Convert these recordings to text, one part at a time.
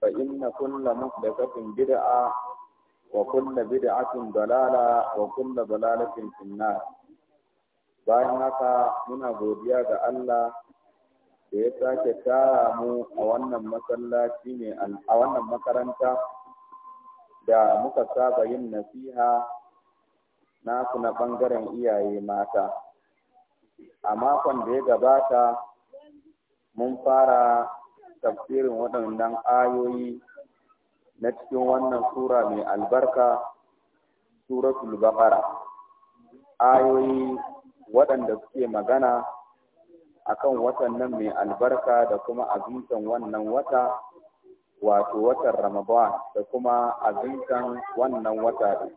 فإن كل محدثة بدعة وكل بدعة ضلالة وكل ضلالة في النار bayan haka muna godiya ga Allah da ya sake tara mu a wannan masallaci ne a wannan makaranta da muka saba yin nasiha naku na ɓangaren iyaye mata a makon da ya gabata mun fara tafsirin waɗannan ayoyi na cikin wannan sura mai albarka suratul baqara ayoyi waɗanda suke magana akan watan nan mai albarka da kuma azumtan wannan wata wato watan ramadan da kuma azumtan wannan wata ɗin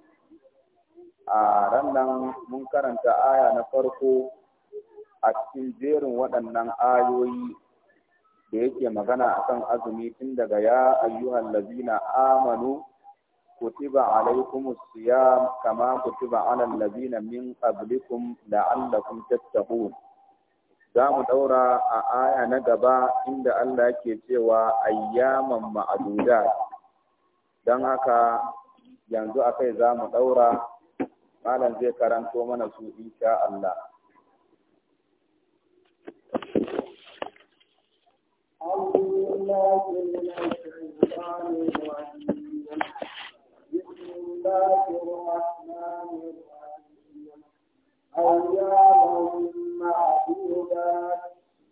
a ran nan mun karanta aya na farko a cikin jerin waɗannan ayoyi da yake magana akan azumi tun daga ya ayyuhal ladina amanu kutiba alaikumus siyam kama kutiba alal ladina min qablikum la'allakum tattaqun za mu daura a aya na gaba inda Allah yake cewa ayyaman ma'adudat dan haka yanzu akai za mu daura malam zai karanto mana su insha Allah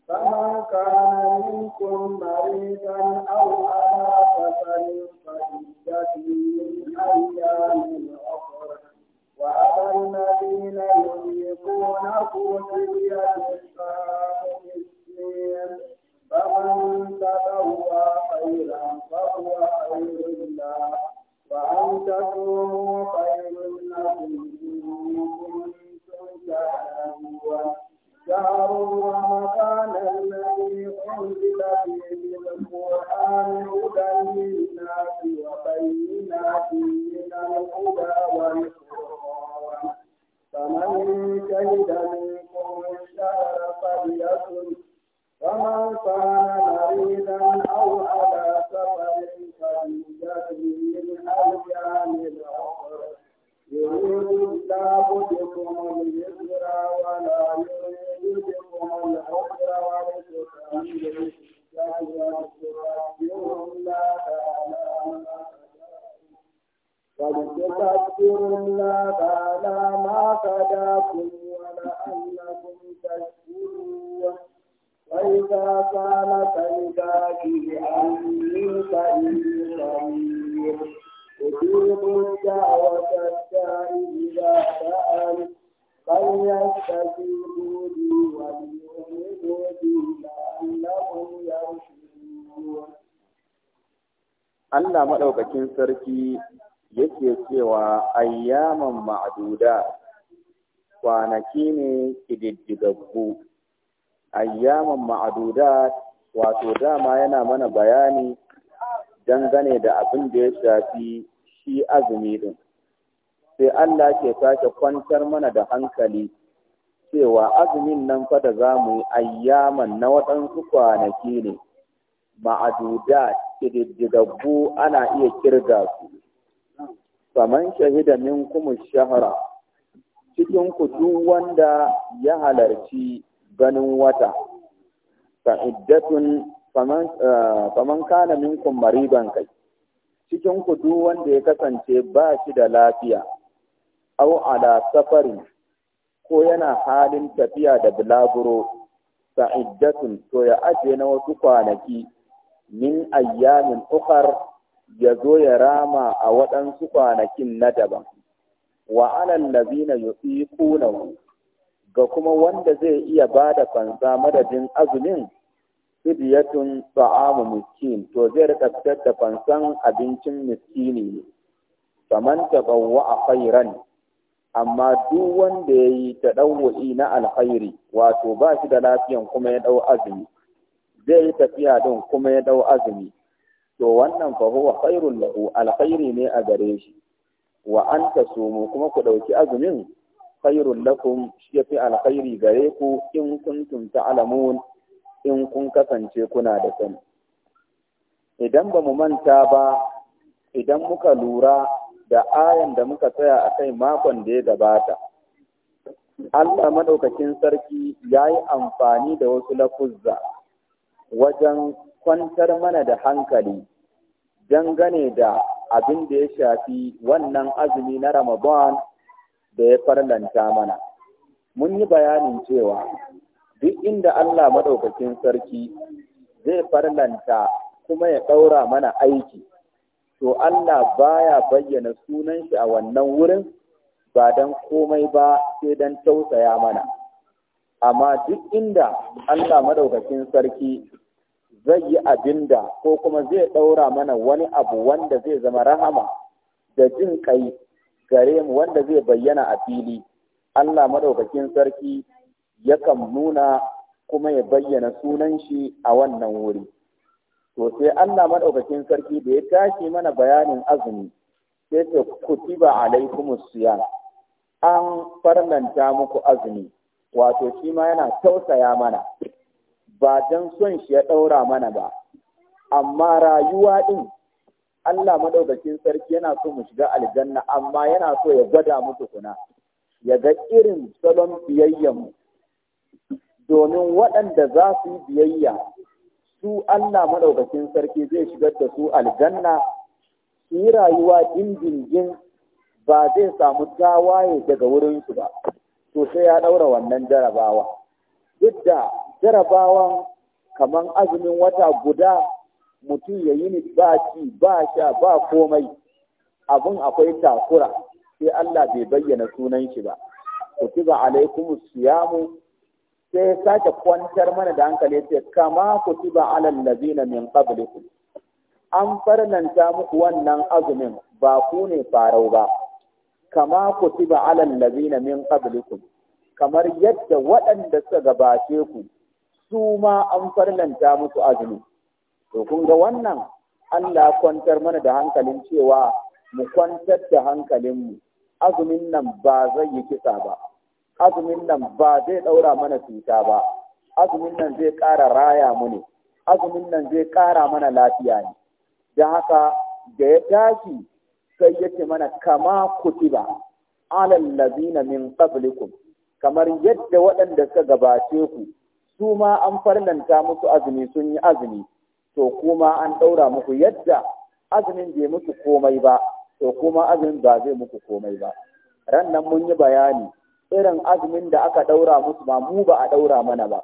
فمن كان منكم مريضا أو cikin sarki yake cewa ayyaman ma'aduda kwanaki ne ƙididdigaggu ayyaman ma'aduda wato dama yana mana bayani dangane da abin da ya shafi shi azumi ɗin sai Allah ke sake kwantar mana da hankali cewa azumin nan fa da za yi ayyaman na waɗansu kwanaki ne ma'adudat ƙididdigaggu ana iya kirga su. shahida min kuma shahara, cikin kutu wanda ya halarci ganin wata, fa'iddatun eh, faman kana kuma mariban kai, cikin kutu wanda ya kasance ba shi da lafiya, au ala safarin ko yana halin tafiya da bulaguro, fa'iddatun to ya ajiye na wasu kwanaki. min ayyamin ukhar ya zo ya rama a waɗansu kwanakin na daban wa alal ladina yuqiquna ga kuma wanda zai iya bada fansa madadin azumin sidiyatun ta'amu miskin to zai rika fitar da fansan abincin miskini ne faman tabawwa khairan amma duk wanda yayi tadawwi na alkhairi wato ba shi da lafiyan kuma ya dau azumi zai yi tafiya din kuma ya dau azumi to wannan fa huwa khairul lahu alkhairi ne a gare shi wa anta sumu kuma ku dauki azumin khairul lakum shi yafi alkhairi gare ku in kuntum ta'lamun in kun kasance kuna da sani idan ba mu manta ba idan muka lura da ayan da muka tsaya a kai makon da ya gabata Allah madaukakin sarki ya yi amfani da wasu lafuzza wajen kwantar mana da hankali dangane da abin da ya shafi wannan azumi na Ramadan da ya farlanta mana. Mun yi bayanin cewa duk inda Allah maɗaukakin sarki zai farlanta kuma ya ɗaura mana aiki, to Allah baya bayyana sunan shi a wannan wurin ba don komai ba sai don tausaya mana. Amma duk inda Allah maɗaukakin sarki zai yi abin da ko kuma zai ɗaura mana wani abu wanda zai zama rahama da jin ƙai gare mu wanda zai bayyana a fili Allah maɗaukakin sarki yakan nuna kuma ya bayyana sunan shi a wannan wuri to sai Allah maɗaukakin sarki da ya tashi mana bayanin azumi sai ta kutiba alaikumus siyam an farnanta muku azumi wato shi ma yana tausaya mana ba don son shi ya ɗaura mana ba amma rayuwa ɗin Allah madaukakin sarki yana so mu shiga aljanna amma yana so ya gwada mu tukuna ya ga irin salon biyayyan mu domin waɗanda za su yi biyayya su Allah madaukakin sarki zai shigar da su aljanna su yi rayuwa dindindin ba zai samu tawaye daga wurinsu ba to sai ya ɗaura wannan jarabawa duk da jarabawan kaman azumin wata guda mutum ya yi ba ci ba sha ba komai abun akwai takura sai Allah bai bayyana sunan shi ba kutiba alaikum siyamu sai ya sake kwantar mana da hankali sai kama kutiba alal ladina min qablikum an farnanta muku wannan azumin ba ku ne farau ba kama kutiba alal ladina min qablikum kamar yadda waɗanda suka gabace ku su ma an farlanta musu azumi to kun ga wannan Allah kwantar mana da hankalin cewa mu kwantar da hankalinmu azumin nan ba zai yi kisa ba azumin nan ba zai ɗaura mana cuta ba azumin nan zai ƙara raya mu ne azumin nan zai ƙara mana lafiya ne da haka da ya tashi sai yake mana kama kutiba alal lazina min qablikum kamar yadda waɗanda suka gabace ku su ma an farnanta musu azumi sun yi azumi to kuma an ɗaura muku yadda azumin bai muku komai ba to kuma azumin ba zai muku komai ba ran nan mun yi bayani irin azumin da aka ɗaura musu ba mu ba a ɗaura mana ba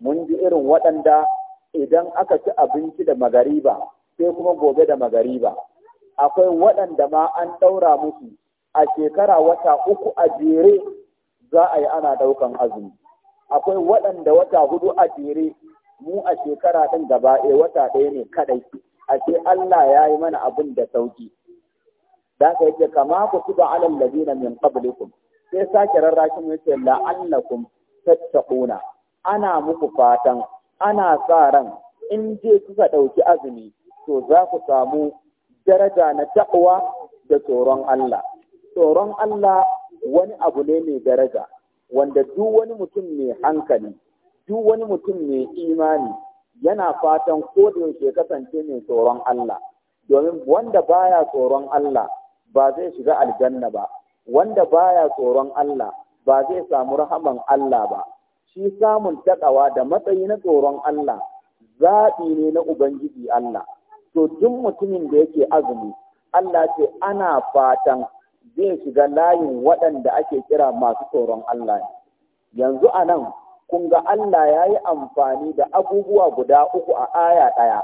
mun ji irin waɗanda idan aka ci abinci da magariba sai kuma gobe da magariba akwai waɗanda ma an ɗaura musu a shekara wata uku a jere za a yi ana ɗaukan azumi akwai waɗanda wata hudu a jere mu a shekara ɗin gaba ɗaya wata ɗaya ne kaɗai a ce Allah ya yi mana abin da sauki da ka yake kama ku tuba alal ladina min qablikum sai sake rarrashin mu yace la'allakum tattaquna ana muku fatan ana sa ran in je kuka ɗauki azumi to za ku samu daraja na taqwa da tsoron Allah tsoron Allah wani abu ne mai daraja wanda duk wani mutum mai hankali duk wani mutum mai imani yana fatan ko da yaushe kasance mai tsoron Allah domin wanda baya tsoron Allah ba zai shiga aljanna ba wanda baya tsoron Allah ba zai samu rahaman Allah ba shi samun takawa da matsayi na tsoron Allah zaɓi ne na Ubangiji Allah to duk mutumin da yake azumi Allah ce ana fatan zai shiga layin waɗanda ake kira masu tsoron Allah yanzu a nan kun ga Allah ya yi amfani da abubuwa guda uku a aya ɗaya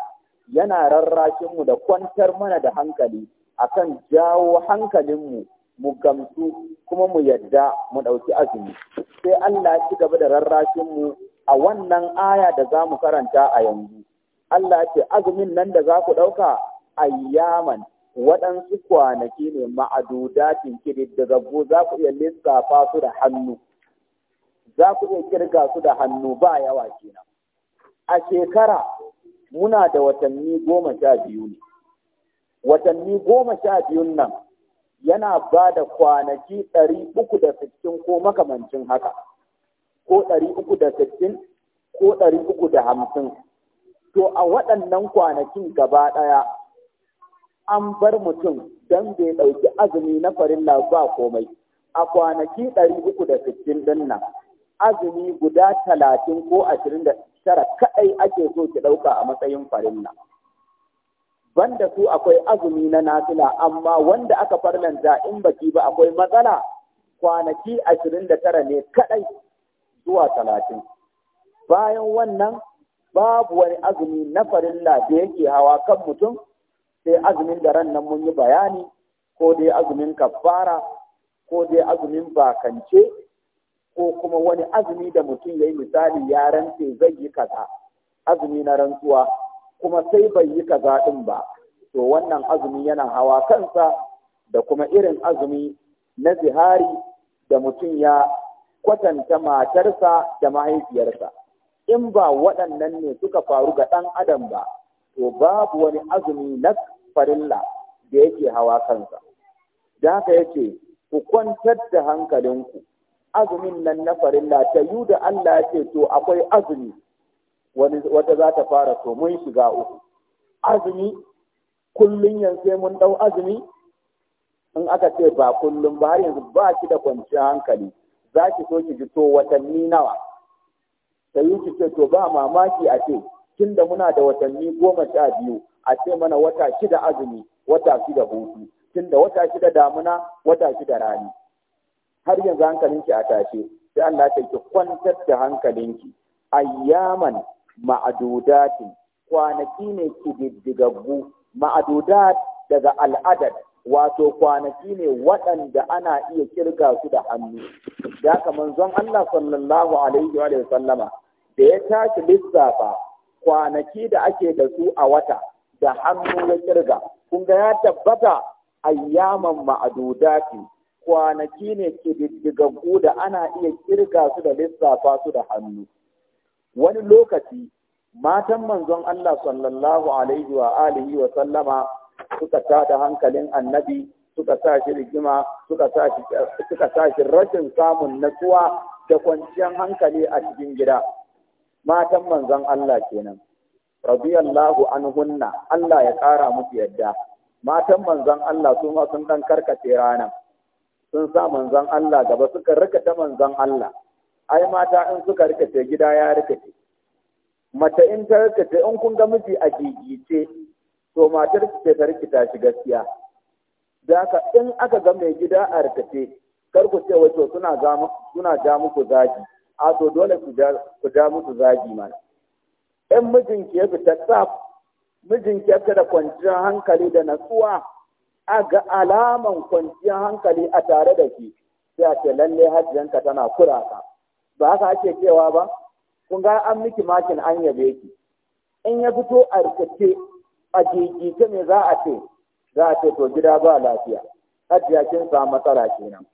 yana rarrashinmu da kwantar mana da hankali a kan jawo hankalinmu mu gamsu kuma mu yadda mu ɗauki azumi sai Allah ci gaba da rarrashinmu a wannan aya da za mu karanta a yanzu Allah ce azumin nan da za ku ɗauka ayyaman waɗansu kwanaki ne ma'adu, da kididdigaggu za ku iya lissafa su da hannu za ku iya kirga su da hannu ba yawa kenan a shekara muna da watanni goma sha biyu ne watanni goma sha biyun nan yana ba da kwanaki ɗari uku da sittin ko makamancin haka ko ɗari uku da sittin ko ɗari uku da hamsin to a waɗannan kwanakin gaba ɗaya an bar mutum don bai ɗauki azumi na farilla ba komai a kwanaki ɗari uku da sittin ɗin nan azumi guda talatin ko ashirin da tara kaɗai ake so ki ɗauka a matsayin farilla banda su akwai azumi na nafila amma wanda aka farlanta in baki ba akwai matsala kwanaki ashirin da tara ne kaɗai zuwa talatin bayan wannan babu wani azumi na farilla da yake hawa kan mutum sai azumin da ran nan mun yi bayani ko dai azumin kafara ko dai azumin bakance ko kuma wani azumi da mutum ya yi misali ya rantse zai yi kaza azumi na rantsuwa kuma sai bai yi kaza din ba to wannan azumi yana hawa kansa da kuma irin azumi na zihari da mutum ya kwatanta matarsa da mahaifiyarsa in ba waɗannan ne suka faru ga ɗan adam ba to babu wani azumi na farilla da yake hawa kansa da haka yake ku kwantar da hankalinku azumin nan na farilla ta yi da Allah ya ce to akwai azumi wata za ta fara to mun shiga uku azumi kullum yanzu mun ɗau azumi in aka ce ba kullum ba har yanzu ba ki da kwanciyar hankali za ki so ki ji to watanni nawa ta yi ki ce to ba mamaki a ce tun muna da watanni goma sha biyu a ce mana wata shida azumi wata shida hutu tun da wata shida damuna wata shida rani har yanzu hankalinki a tashe sai Allah ta ki kwantar da hankalinki ayyaman ma'adudatin kwanaki ne kididdigaggu ma'adudat daga al'adad wato kwanaki ne waɗanda ana iya kirga su da hannu Da kamar zan Allah sallallahu alaihi wa sallama da ya tashi lissafa kwanaki da ake da su a wata da hannu ya kirga kun ga ya tabbata ayyaman ma'adudati kwanaki ne kididdigaggu da ana iya kirga su da lissafa su da hannu wani lokaci matan manzon Allah sallallahu alaihi wa alihi wa sallama suka tada hankalin annabi suka sa shi rigima suka sa suka sa shi rashin samun natsuwa da kwanciyar hankali a cikin gida matan manzon Allah kenan radiyallahu anhunna Allah ya ƙara musu yadda matan manzon Allah su ma sun dan karkace ranan sun sa manzon Allah gaba suka ta manzon Allah ai mata in suka rikace gida ya rikace mace in ta rikace in kun ga miji a gigice to matar ce ta rikita shi gaskiya da ka in aka ga mai gida a rikace kar ku ce wato suna suna ja muku zaki a to dole ku ja musu zagi ma. in mijinki ya fita tsaf mijinki ya da kwanciyar hankali da natsuwa a ga alaman kwanciyar hankali a tare da ke sai a ce lalle hajjiyanka tana kura ka. ba haka ake cewa ba kun ga an miki makin an yabe ki in ya fito a rikice a jijice me za a ce za a ce to gida ba lafiya hajjiya kin samu matsala kenan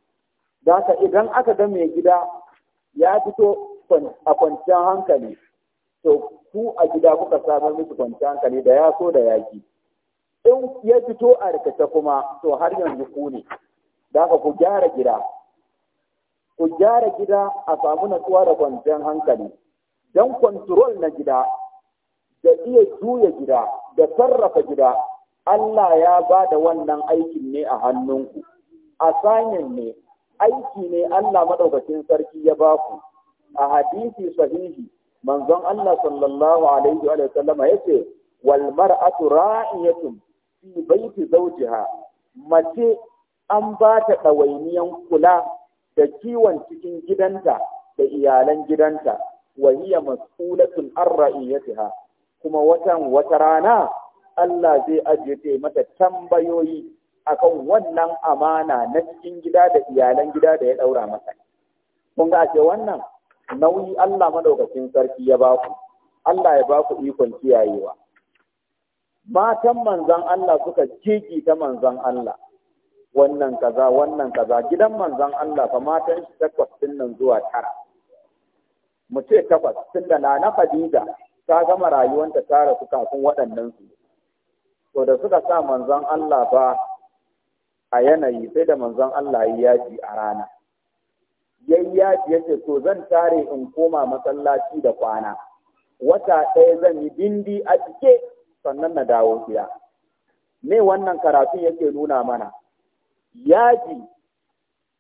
da haka idan aka ga mai gida ya fito a kwanciyar hankali to ku a gida kuka samar musu kwanciyar hankali da ya so da yaki in ya fito a rikice kuma to har yanzu ku ne da ka ku gyara gida ku gyara gida a samu natsuwa da kwanciyar hankali don kwanturol na gida da iya juya gida da sarrafa gida Allah ya ba da wannan aikin ne a hannunku a sanin ne aiki ne Allah madaukakin sarki ya ba ku a hadisi sahihi manzon Allah sallallahu alaihi wa sallama yace wal mar'atu ra'iyatun fi baiti zawjiha mace an ba ta ɗawainiyan kula da kiwon cikin gidanta da iyalan gidanta wa hiya mas'ulatun ar ra'iyatiha kuma watan wata rana Allah zai ajiye mata tambayoyi akan wannan amana na cikin gida da iyalan gida da ya ɗaura masa. Kun ga ce wannan nauyi Allah madaukakin sarki ya ba ku, Allah ya ba ku ikon kiyayewa. Matan manzan Allah suka jiki ta manzan Allah, wannan kaza, wannan kaza, gidan manzan Allah fa matan shi takwas nan zuwa tara. Mu ce takwas, tun da na na Khadija ta gama rayuwanta tara su kafin waɗannan su. To da suka sa manzan Allah ba a yanayi sai da manzon Allah ya yaji a rana yayi yaji yace to zan tare in koma masallaci da kwana wata ɗaya zan yi bindi a cike sannan na dawo gida me wannan karatun yake nuna mana yaji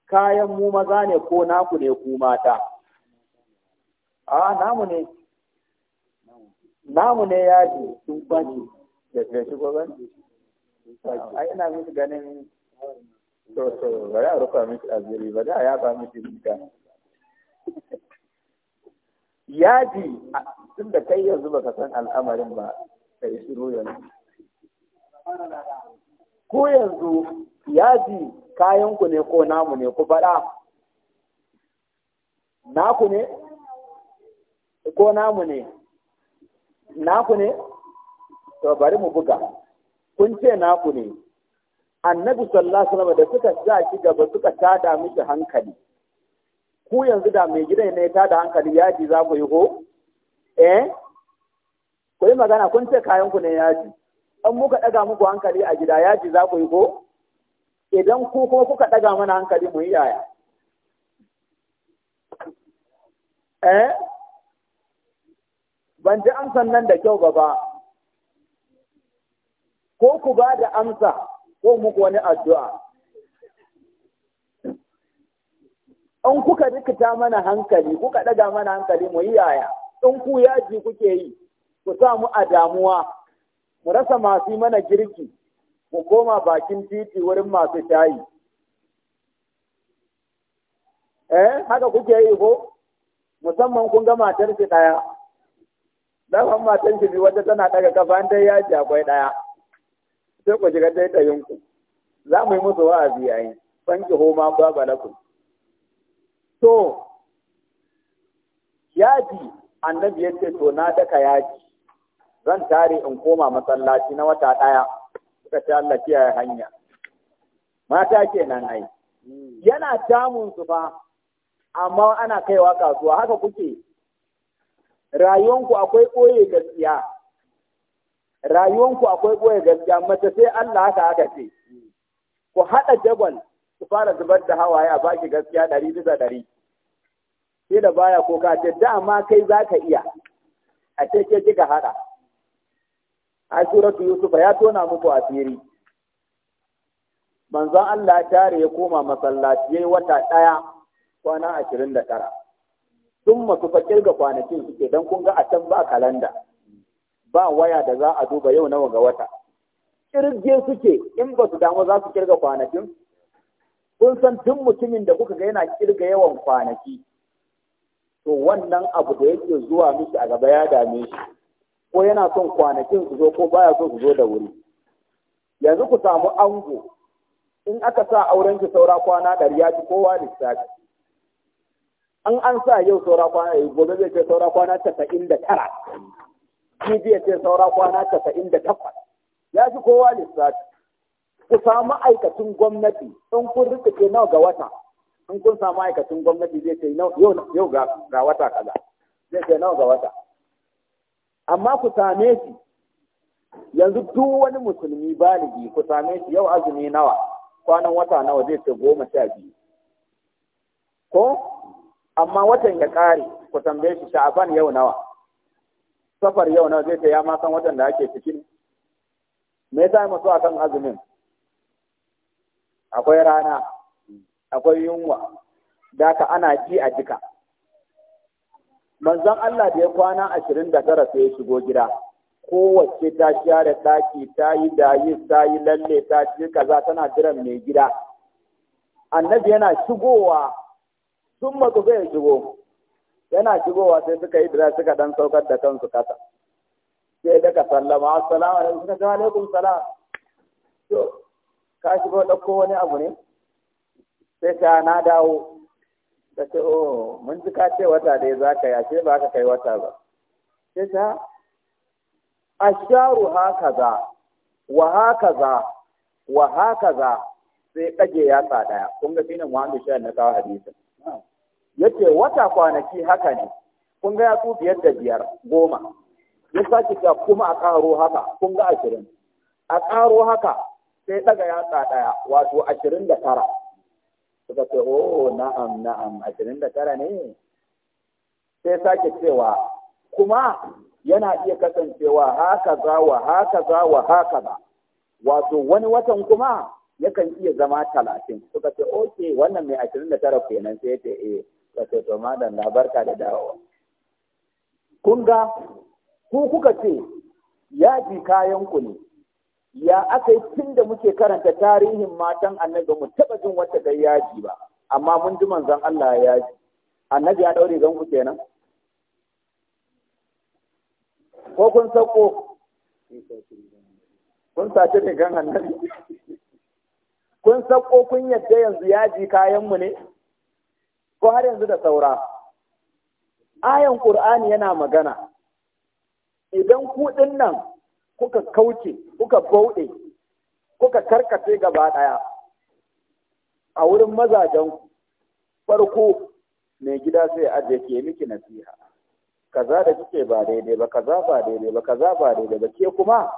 kayan mu maza ne ko naku ne ku mata a namu ne namu ne yaji sun kwaci da ko ban a ina ganin to to ba ya rufa miki asiri ba da ya ba miki duka yaji tun da kai yanzu baka san al'amarin ba kai shiru yanzu ko yanzu yaji kayan ku ne ko namu ne ku faɗa naku ne ko namu ne naku ne to bari mu buga kun ce naku ne annabi sallallahu alaihi da suka sa shi gaba suka tada miki hankali ku yanzu da mai gidan ne ya tada hankali yaji za ku yi ko eh ku yi magana kun ce kayan ku ne yaji an muka daga muku hankali a gida yaji za ku yi ko idan ku kuma kuka daga mana hankali mu yi yaya eh ban ji amsan nan da kyau ba ba ko ku ba da amsa ko muku wani addu'a in kuka rikita mana hankali kuka ɗaga mana hankali mu yi yaya in ku yaji kuke yi ku sa mu a damuwa mu rasa masu mana girki mu koma bakin titi wurin masu shayi eh haka kuke yi ko musamman kun ga matar shi ɗaya dan matar shi biyu wata tana ɗaga kafa dai yaji akwai ɗaya sai ku shiga da za mu yi musu wa'azi san ki homa baba ku. to yaji annabi ya ce to na daka yaji zan tare in koma masallaci na wata ɗaya suka ce Allah kiyaye hanya mata kenan ai yana damun su fa amma ana kaiwa kasuwa haka kuke rayuwanku akwai koye gaskiya rayuwanku akwai ɓoye gaskiya mace sai Allah haka aka ce ku haɗa jagwal ku fara zubar da hawaye a baki gaskiya ɗari bisa ɗari sai da baya ko ka ce dama kai za ka iya a ce ke kika haɗa a suratu yusufa ya tona muku asiri manzon Allah ya tare ya koma masallaci yayi wata ɗaya kwana ashirin da tara sun masu fakir ga kwanakin suke don kun ga a can ba kalanda ba waya da za a duba yau nawa ga wata kirge suke in ba su damu za su kirga kwanakin kun san tun mutumin da kuka ga yana kirga yawan kwanaki to wannan abu da yake zuwa miki a gaba ya dame shi ko yana son kwanakin su zo ko baya so su zo da wuri yanzu ku samu ango in aka sa auren ki saura kwana ɗari ya ci kowa lissafi an an sa yau saura kwana gobe zai ce saura kwana casa'in da tara shi ce saura kwana casa'in da takwas ya fi kowa lissafi ku samu aikacin gwamnati in kun ce nawa ga wata in kun samu aikacin gwamnati zai ce yau ga wata kaza zai ce nawa ga wata amma ku same shi yanzu duk wani musulmi baligi ku same shi yau azumi nawa kwanan wata nawa zai ce goma sha biyu ko amma watan ya ƙare ku tambaye shi sha'aban yau nawa safar yau na zai ta ya watan da ake cikin. ne me yasa ya masu akan azumin akwai rana akwai yunwa daka ana ji a jika manzon Allah da ya kwana ashirin da tara sai ya shigo gida kowace ta da taki, ta yi dayi ta yi lalle ta ci kaza tana jiran mai gida annabi yana shigowa sun matsu zai shigo yana shigowa sai suka yi dira suka dan saukar da kansu kasa sai daga sallama assalamu alaikum suka ce alaikum salam to ka shigo ɗauko wani abu ne sai ta na dawo ta ce oh mun ji ka ce wata dai za ka ce ba ka kai wata ba sai ta asharu haka za wa haka za wa haka za sai ɗage ya ɗaya kun ga shine muhammadu shayar na kawo hadisi yace wata kwanaki haka ne kun ga yatsu biyar da biyar goma ya sake cewa kuma a ƙaro haka kun ga ashirin a ƙaro haka sai daga yatsa ɗaya wato ashirin da tara suka ce o oh, na'am na'am ashirin da tara ne sai sake cewa kuma yana iya kasancewa haka za wa haka za wa haka ba wato wani watan kuma yakan iya zama talatin suka ce oke wannan mai ashirin da tara kenan sai ya ce eh ka ce madan na barka da dawowa kun ga ku kuka ce yaji kayan ku ne ya aka yi tun da muke karanta tarihin matan annabi mu taɓa jin wata da yaji ba amma mun ji manzon Allah ya yaji annabi ya daure zan ku kenan ko kun sako? kun sace ne gan annabi kun sako kun yadda yanzu yaji kayan mu ne ko har yanzu da saura ayan ƙur'ani yana magana idan kuɗin nan kuka kauce kuka bauɗe kuka karkace gaba ɗaya a wurin mazajen farko mai gida sai aje ke miki nasiha kaza da kike ba daidai ba kaza ba daidai ba kaza ba daidai ba ke kuma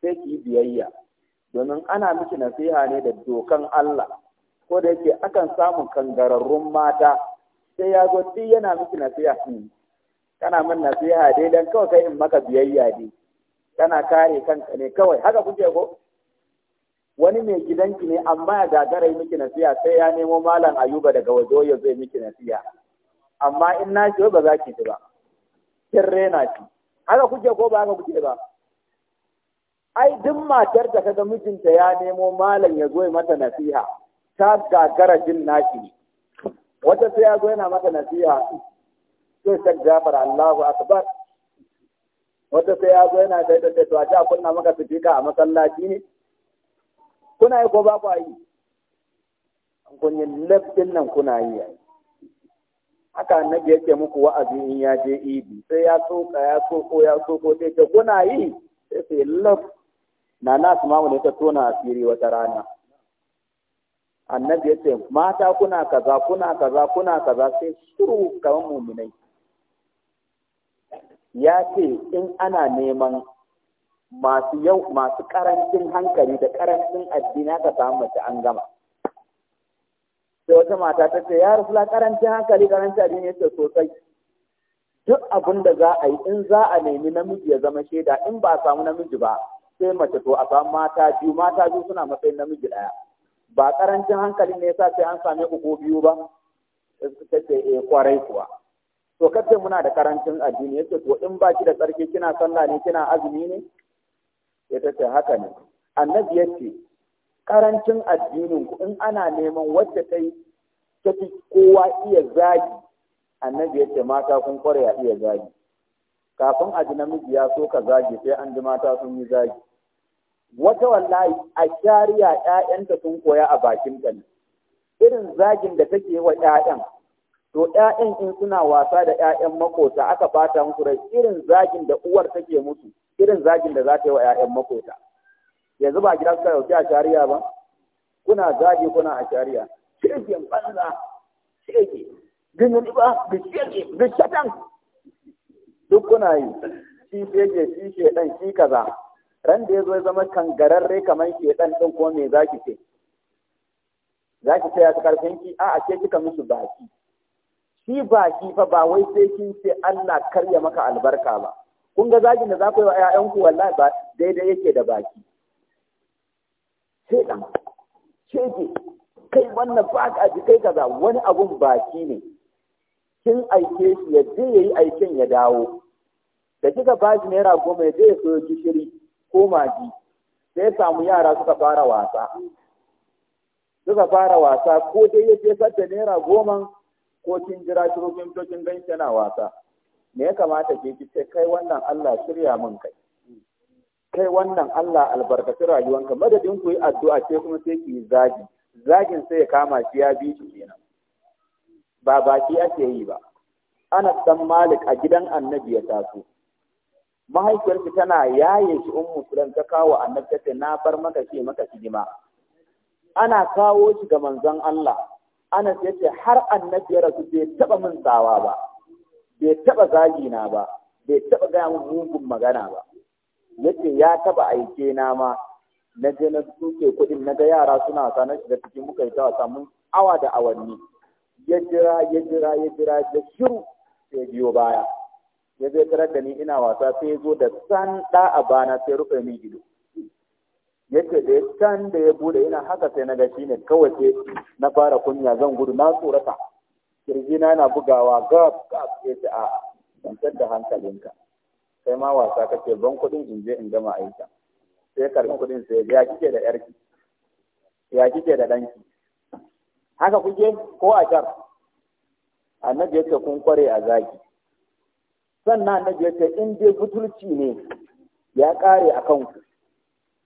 sai ki biyayya domin ana miki nasiha ne da dokan Allah ko da yake akan samu kangararrun mata sai ya zo duk yana miki nasiha hmm. kana min nasiha dai dan kawai kai in maka biyayya ne. kana kare kanka ne kawai haka kuke ko wani mai gidanki ne amma ya gagara miki nasiha sai ya nemo malam ayuba daga waje ya zai miki nasiha amma in na shi ba za ki ji ba kin rena shi haka kuke ko ba haka kuke ba ai duk matar da kaga mijinta ya nemo malam ya zo mata nasiha ta gagara jin naki wata sai ya zo yana mata nasiha sai ta gafara Allahu akbar wata sai ya zo yana daidai da to a ta kunna maka fitika a masallaci ne kuna yi ko ba ku yi kun yi lafin nan kuna yi yayi haka annabi yake muku wa'azi in ya je idi sai ya soka ya soko ya soko sai ce kuna yi sai sai na nasu mamu ne ta tona asiri wata rana annabi ya ce mata kuna kaza kuna kaza kuna kaza sai shiru kamar muminai ya ce in ana neman masu yau masu karancin hankali da karancin addini aka samu mace an gama sai wata mata ta ce ya rasula karancin hankali karancin addini ce sosai duk abin da za a yi in za a nemi namiji ya zama shaida in ba a samu namiji ba sai mace to a samu mata biyu mata biyu suna matsayin namiji ɗaya ba karancin hankali ne yasa sai an same uku biyu ba suka eh kwarai kuwa to kace muna da karancin addini yace to in ba ki da tsarki kina sallah ne kina azumi ne ya tace haka ne annabi yace karancin addinin ku in ana neman wacce ta kafi kowa iya zagi annabi yace mata kun kware a iya zagi kafin a ji namiji ya so ka zagi sai an ji mata sun yi zagi wata wallahi a shari'a ‘ya'yanta sun koya a bakin ta irin zagin da take wa ‘ya'yan to ‘ya'yan in suna wasa da ‘ya'yan makota aka bata musu rai irin zagin da uwar take musu irin zagin da za ta yi wa ‘ya'yan makota yanzu ba gida suka yauki a shari'a ba kuna zagi kuna a shari'a shirgin banza shirgi ginin ba da shirgi da shatan duk kuna yi shi shege shi shedan shi kaza ran da ya zo ya zama kangararre kamar dan din ko me zaki ce zaki ce ya ta karfin ki a a ke kika musu baki shi baki fa ba wai sai kin ce Allah karya maka albarka ba kun ga zagin da za ku yi wa ƴaƴanku wallahi ba daidai yake da baki shedan shege kai wannan ba ka ji kai kaza wani abun baki ne kin aike shi ya je yayi aikin ya dawo da kika ba shi naira goma ya je ya soyo gishiri ko maji sai samu yara suka fara wasa suka fara wasa ko dai ya ce da naira goma ko kin jira shiro tokin yana wasa me ya kamata ke ki sai kai wannan Allah shirya min kai kai wannan Allah albarkaci rayuwanka madadin ku yi addu'a ce kuma sai ki yi zagi zagin sai ya kama shi ya bi shi kenan ba baki ake yi ba Anas dan Malik a gidan Annabi ya taso mahaifiyarsa tana yaye shi in musulun ta kawo annabtace, na bar maka ce maka hidima ana kawo shi ga manzon Allah Anas ya ce har annabi su rasu bai taba min tsawa ba bai taba zagi na ba bai taba gaya min mugun magana ba yace ya taba aike na ma na je na suke kuɗin na ga yara suna wasa na shiga cikin muka yi ta wasa mun awa da awanni ya jira ya jira ya jira da shiru sai biyo baya ya zai tarar da ni ina wasa sai ya zo da san da a bana sai rufe min ido ce da can da ya bude ina haka sai na ga ne kawai sai na fara kunya zan gudu na tsorata na yana bugawa ga ga gab yace a tantar da hankalinka sai ma wasa ce ban kuɗin in je in gama aika sai karɓi kuɗin sai ya kike da yarki ya kike da danki haka kuke ko a jar annabi ce kun kware a zaki sannan annabi ya ce in dai butulci ne ya kare a kanku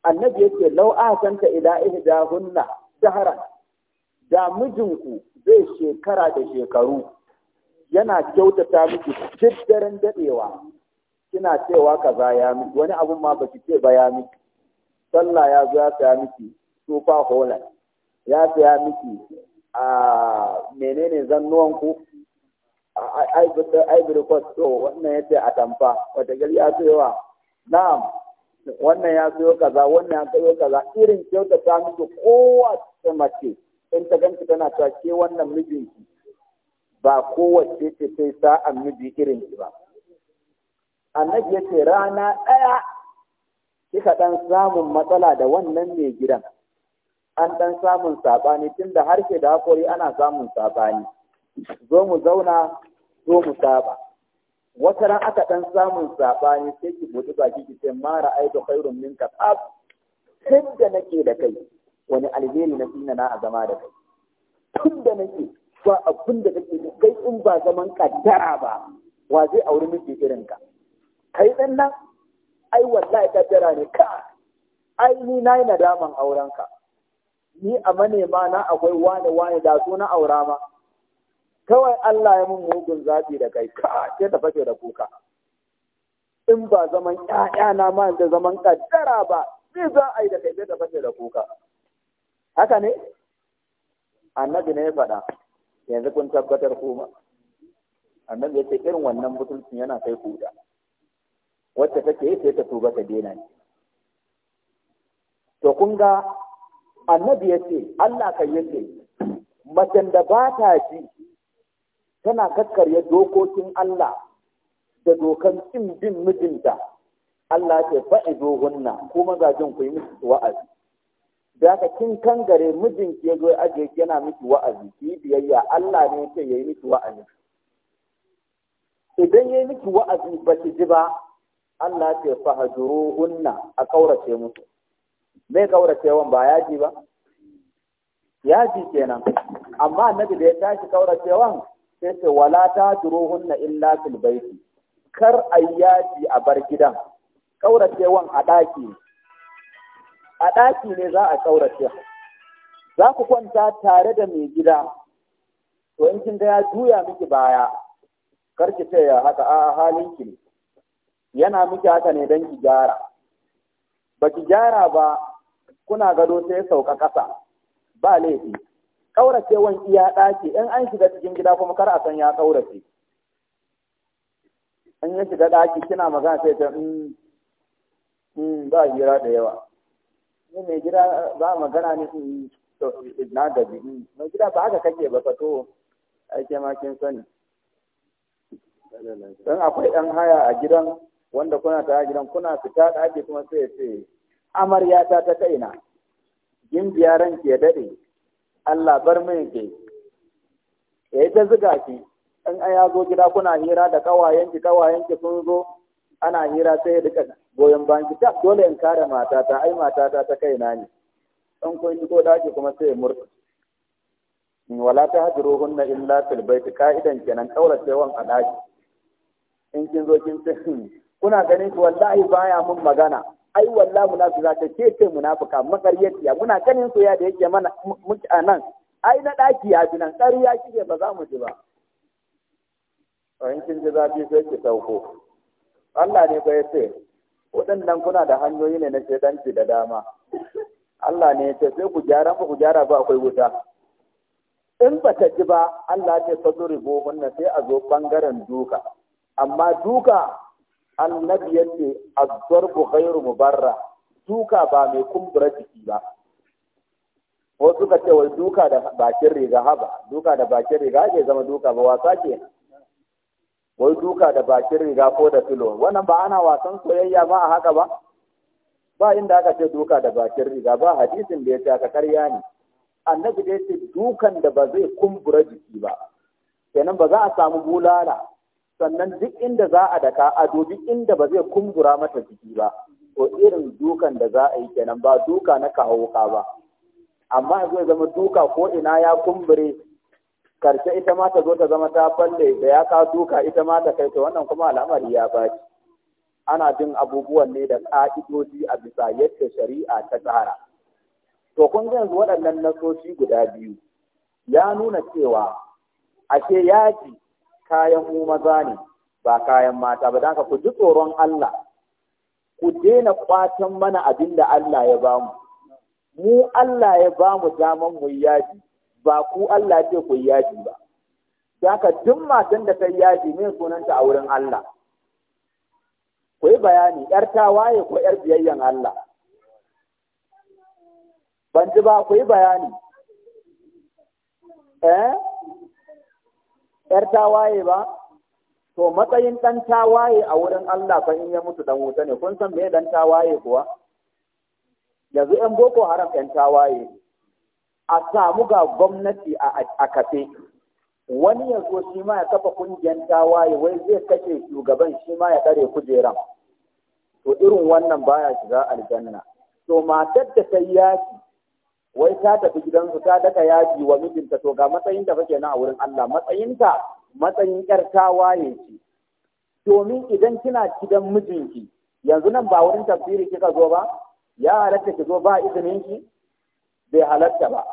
annabi ya ce lau ta ila hunna shahara da mijinku zai shekara da shekaru yana kyautata miki duk daren dadewa kina cewa kaza ya miki wani abun ma baki ce ba ya miki sallah ya zo ya saya miki tufa hola, ya saya miki a ah, menene zannuwan ku ivory coast to wannan ya ce a tamfa wata gari ya so yawa na'am wannan ya so kaza wannan ya so kaza irin kyauta ta kowace mace in ta ganta tana cewa ke wannan mijinki ba kowace ce sai a miji irin ki ba annabi ya rana ɗaya kika ɗan samun matsala da wannan mai gidan an ɗan samun saɓani tunda harshe da haƙori ana samun sabani zo mu zauna zo mu saba wata ran aka dan samun sabani sai ki buɗi baki ki ce ma ra'aytu khairun minka qab da nake da kai wani alheri na sunna na a zama da kai Tun da nake ba abin da kake kai in ba zaman kaddara ba wa zai auri miki irin ka kai dan nan ai wallahi kaddara ne ka ai ni nayi nadaman auren ka ni a manema na akwai wane wane da su na aura ma kawai Allah ya mun mugun zaɓi da kai ka ce ta fashe da kuka in ba zaman ƴaƴa na ma da zaman kaddara ba zai za a yi da kai sai ta fashe da kuka haka ne annabi ne ya faɗa yanzu kun tabbatar kuma annabi ya ce irin wannan mutuncin yana kai kuda wacce take yi sai ta tuba ta dena ne to kun ga annabi ya ce Allah kai yake macen da ba ta ji tana kakkarya dokokin Allah da dokan cin bin mijinta Allah ce fa'ido hunna ko jin ku yi miki wa'azi da ka kin kangare mijinki ya zo ajiye yana miki wa'azi ki yi biyayya Allah ne yake yi miki wa'azi idan yi miki wa'azi ba ki ji ba Allah ce fahjuruhunna a kaurace musu me kaurace wan ba yaji ba yaji kenan amma annabi da ya tashi kaurace wan sai ce wala ta na illa fil baiti kar ayyati a bar gidan wan a daki a daki ne za a kaurace za ku kwanta tare da mai gida to in kin ga ya juya miki baya kar ki ce ya haka a halin ki ne yana miki haka ne dan ki gyara ba ki gyara ba kuna gado sai sauka ƙasa ba laifi kauracewan iya ɗaki in an shiga cikin gida kuma kar a san ya kaurace An yi shiga ɗaki kina magana sai ta mm, mm, ba hira da yawa ni mai gida ba magana ne mm, na bi? mai gida ba haka kake ba fato ake ma kin sani don akwai ɗan haya a gidan wanda kuna ta gidan kuna fita ɗaki kuma sai ce amarya ta ta kaina gimbiya ke daɗe Allah bar min ke ya yi ta zuga ki in an ya zo gida kuna hira da kawayenki kawayenki sun zo ana hira sai ya duka goyon banki ta dole in kare matata ai matata ta kaina ne in kun ko daki kuma sai ya murta wala ta hajiru hunna illa fil baiti ka'idan kenan sai wan a ɗaki. in kin zo kin ce hmm, kuna ganin ki wallahi baya mun magana ai wallahi munafika ta ce ce munafika makaryaciya muna ganin ya da yake mana muke a nan ai na daki ya bi nan ya kike ba za mu ji ba in kin ji zafi sai ki sauko Allah ne ba ya ce waɗannan kuna da hanyoyi ne na shaidanci da dama Allah ne ya ce sai ku gyara ku gyara ba akwai wuta in ba ta ji ba Allah ce fa zuri hunna sai a zo bangaren duka amma duka annabi ya ce bu ghairu mubarra duka ba mai kumbura jiki ba ko suka ce wai duka da bakin riga haba duka da bakin riga ke zama duka ba wasa ke wai duka da bakin riga ko da filo wannan ba ana wasan soyayya ba a haka ba ba inda aka ce duka da bakin riga ba hadisin da ya ce aka karya ne annabi da ya ce dukan da ba zai kumbura jiki ba kenan ba za a samu bulala sannan duk inda za a daka a dubi inda ba zai kumbura mata jiki ba to irin dukan da za a yi kenan ba duka na kawuka ba amma zai zama duka ko ina ya kumbure karshe ita ma ta zo ta zama ta falle da ya ka duka ita ma ta kai to wannan kuma al'amari ya baki. ana jin abubuwan ne da ƙa'idoji a bisa yadda shari'a ta tsara to kun yanzu waɗannan nasoshi guda biyu ya nuna cewa ashe yaji kayan mu maza ne ba kayan mata ba don ku ji tsoron Allah ku daina kwatan mana abin da Allah ya bamu mu Allah ya bamu zaman mu yaji ba ku Allah ce ku yaji ba don ka duk matan da kai yaji ne sunanta a wurin Allah ku yi bayani ‘yar tawaye ko ‘yar biyayyen Allah. Ban ji ba ku yi bayani. Eh? ‘yar tawaye ba, to matsayin ɗan tawaye a wurin Allah fa in ya mutu ɗan wuta ne, kun san me ɗan tawaye kuwa? Yanzu ‘yan boko haram ‘yan tawaye, a samu ga gwamnati a kafe, wani ya zo shi ma ya kafa ƙungiyar tawaye wai zai kashe shugaban shi ma ya tsare kujeran. To irin wannan baya shiga aljanna. To matar da ta yaki wai ta tafi gidansu ta daka yaji wa mijinta to ga matsayin da fake na a wurin Allah matsayinta matsayin yar tawaye ce domin idan kina gidan mijinki yanzu nan ba wurin tafsiri kika zo ba ya halatta ki zo ba izinin ki bai halatta ba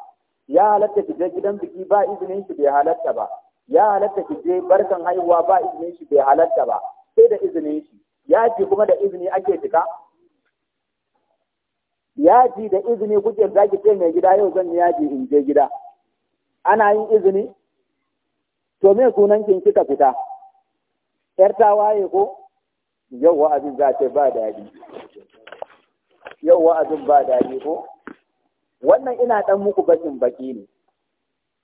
ya halatta ki je gidan biki ba izinin ki bai halatta ba ya halatta ki je barkan haihuwa ba izinin shi bai halatta ba sai da izinin shi yaji kuma da izini ake cika yaji da izini kuke zaki ki ce mai gida yau zan yaji in je gida ana yin izini to me sunan kin kika fita yar ta waye ko yau wa'azin za ta ba daɗi yau wa'azin ba daɗi ko wannan ina dan muku bakin baki ne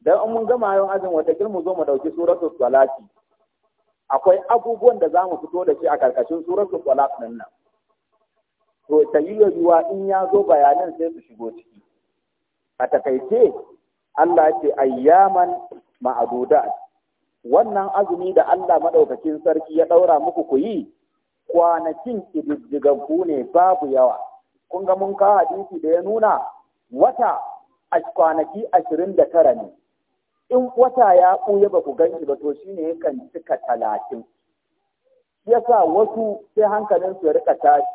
dan an mun gama yau azin wata mu zo mu dauki suratul salati akwai abubuwan da zamu fito da shi a karkashin suratul salat nan nan to ta yi yaduwa in ya zo bayanan sai su shigo ciki a takaice Allah ce ayyaman ma'aduda wannan azumi da Allah madaukakin sarki ya ɗaura muku ku yi kwanakin ku ne babu yawa kun ga mun kawo hadisi da ya nuna wata a kwanaki ashirin da tara ne in wata ya ɓuya ba ku ganshi ba to shi shine yakan cika talatin Ya sa wasu sai hankalinsu ya rika tashi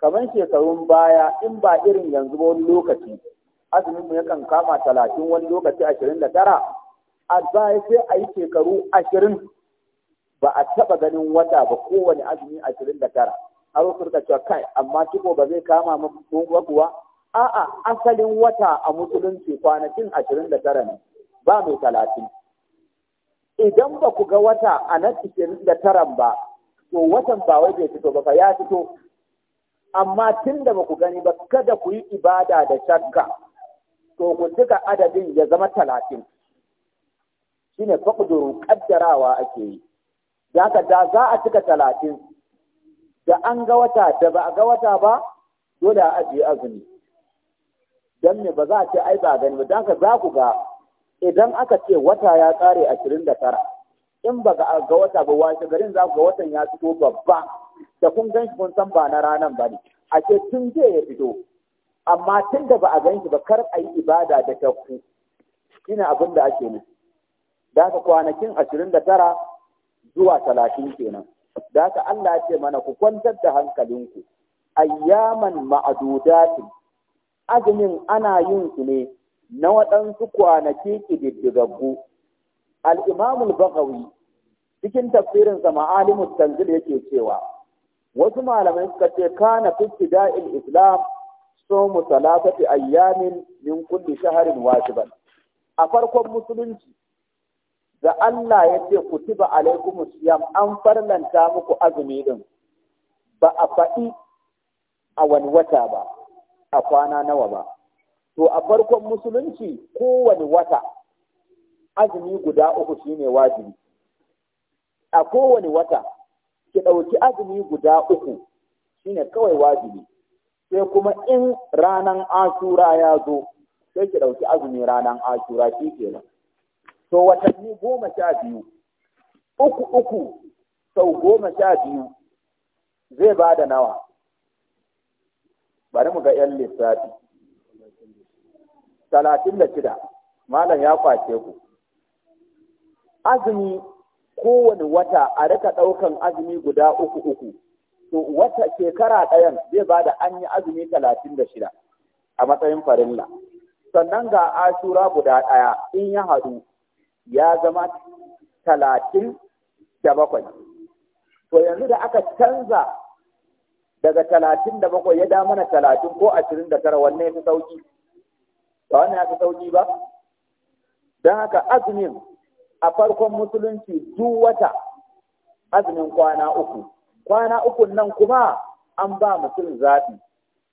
kamar shekarun baya in ba irin yanzu ba wani lokaci azumin mu yakan kama talatin wani lokaci ashirin da tara a baya sai a yi shekaru ashirin ba a taɓa ganin wata ba kowane azumi ashirin da tara a cewa kai amma ciko ba zai kama mu ba kuwa a'a asalin wata a musulunci kwanakin ashirin da tara ne ba mai talatin idan ba ku ga wata a nan ashirin da taran ba to watan ba wai bai fito ba ya fito amma tun da ku gani ba kada ku yi ibada da shakka to ku cika adadin ya zama talatin shine faƙuduru ƙaddarawa ake yi da haka da za a cika talatin da an ga wata da ba a ga wata ba dole a ajiye azumi don ne ba za a ce ai ba gani ba don za ku ga idan aka ce wata ya tsare ashirin da tara in ba ga wata ba washe garin za ku ga watan ya fito babba da kun gan shi kun san ba na ranan ba ne a ce tun je ya fito amma tun da ba a gan shi ba kar a yi ibada da shakku ne abin da ake nufi da ka kwanakin ashirin da tara zuwa talatin kenan da ka Allah ya ce mana ku kwantar da hankalinku ayyaman ma'adudatin azumin ana yin su ne na waɗansu kwanaki ƙididdigaggu Al'imamul imamul bagawi cikin tafsirinsa ma'alimus tanzil yake cewa wasu malamai suka ce kana fi da'il islam somu salatati ayyamin min kulli shaharin wajiban a farkon musulunci da Allah ya ce kutiba alaikum siyam an farlanta muku azumi din ba a faɗi a wani wata ba a kwana nawa ba to a farkon musulunci kowane wata azumi guda uku shine wajibi a kowane wata ki ɗauki azumi guda uku shine kawai wajibi sai kuma in ranan ashura ya zo sai ki ɗauki azumi ranan ashura shi ke nan, to watanni goma sha biyu uku uku sau goma sha biyu zai ba da nawa bari mu ga 'yan lissafi talatin da shida malam ya kwace ku azumi kowane wata a rika ɗaukan azumi guda uku uku to wata shekara ɗayan zai ba da an yi azumi talatin da shida a matsayin farilla sannan ga ashura guda ɗaya in ya haɗu ya zama talatin da bakwai to yanzu da aka canza daga talatin da bakwai ya da mana talatin ko ashirin da tara wanne ya fi sauki ba wannan ya fi sauki ba don haka azumin a farkon musulunci duk wata azumin kwana uku kwana uku nan kuma an ba mutum zafi,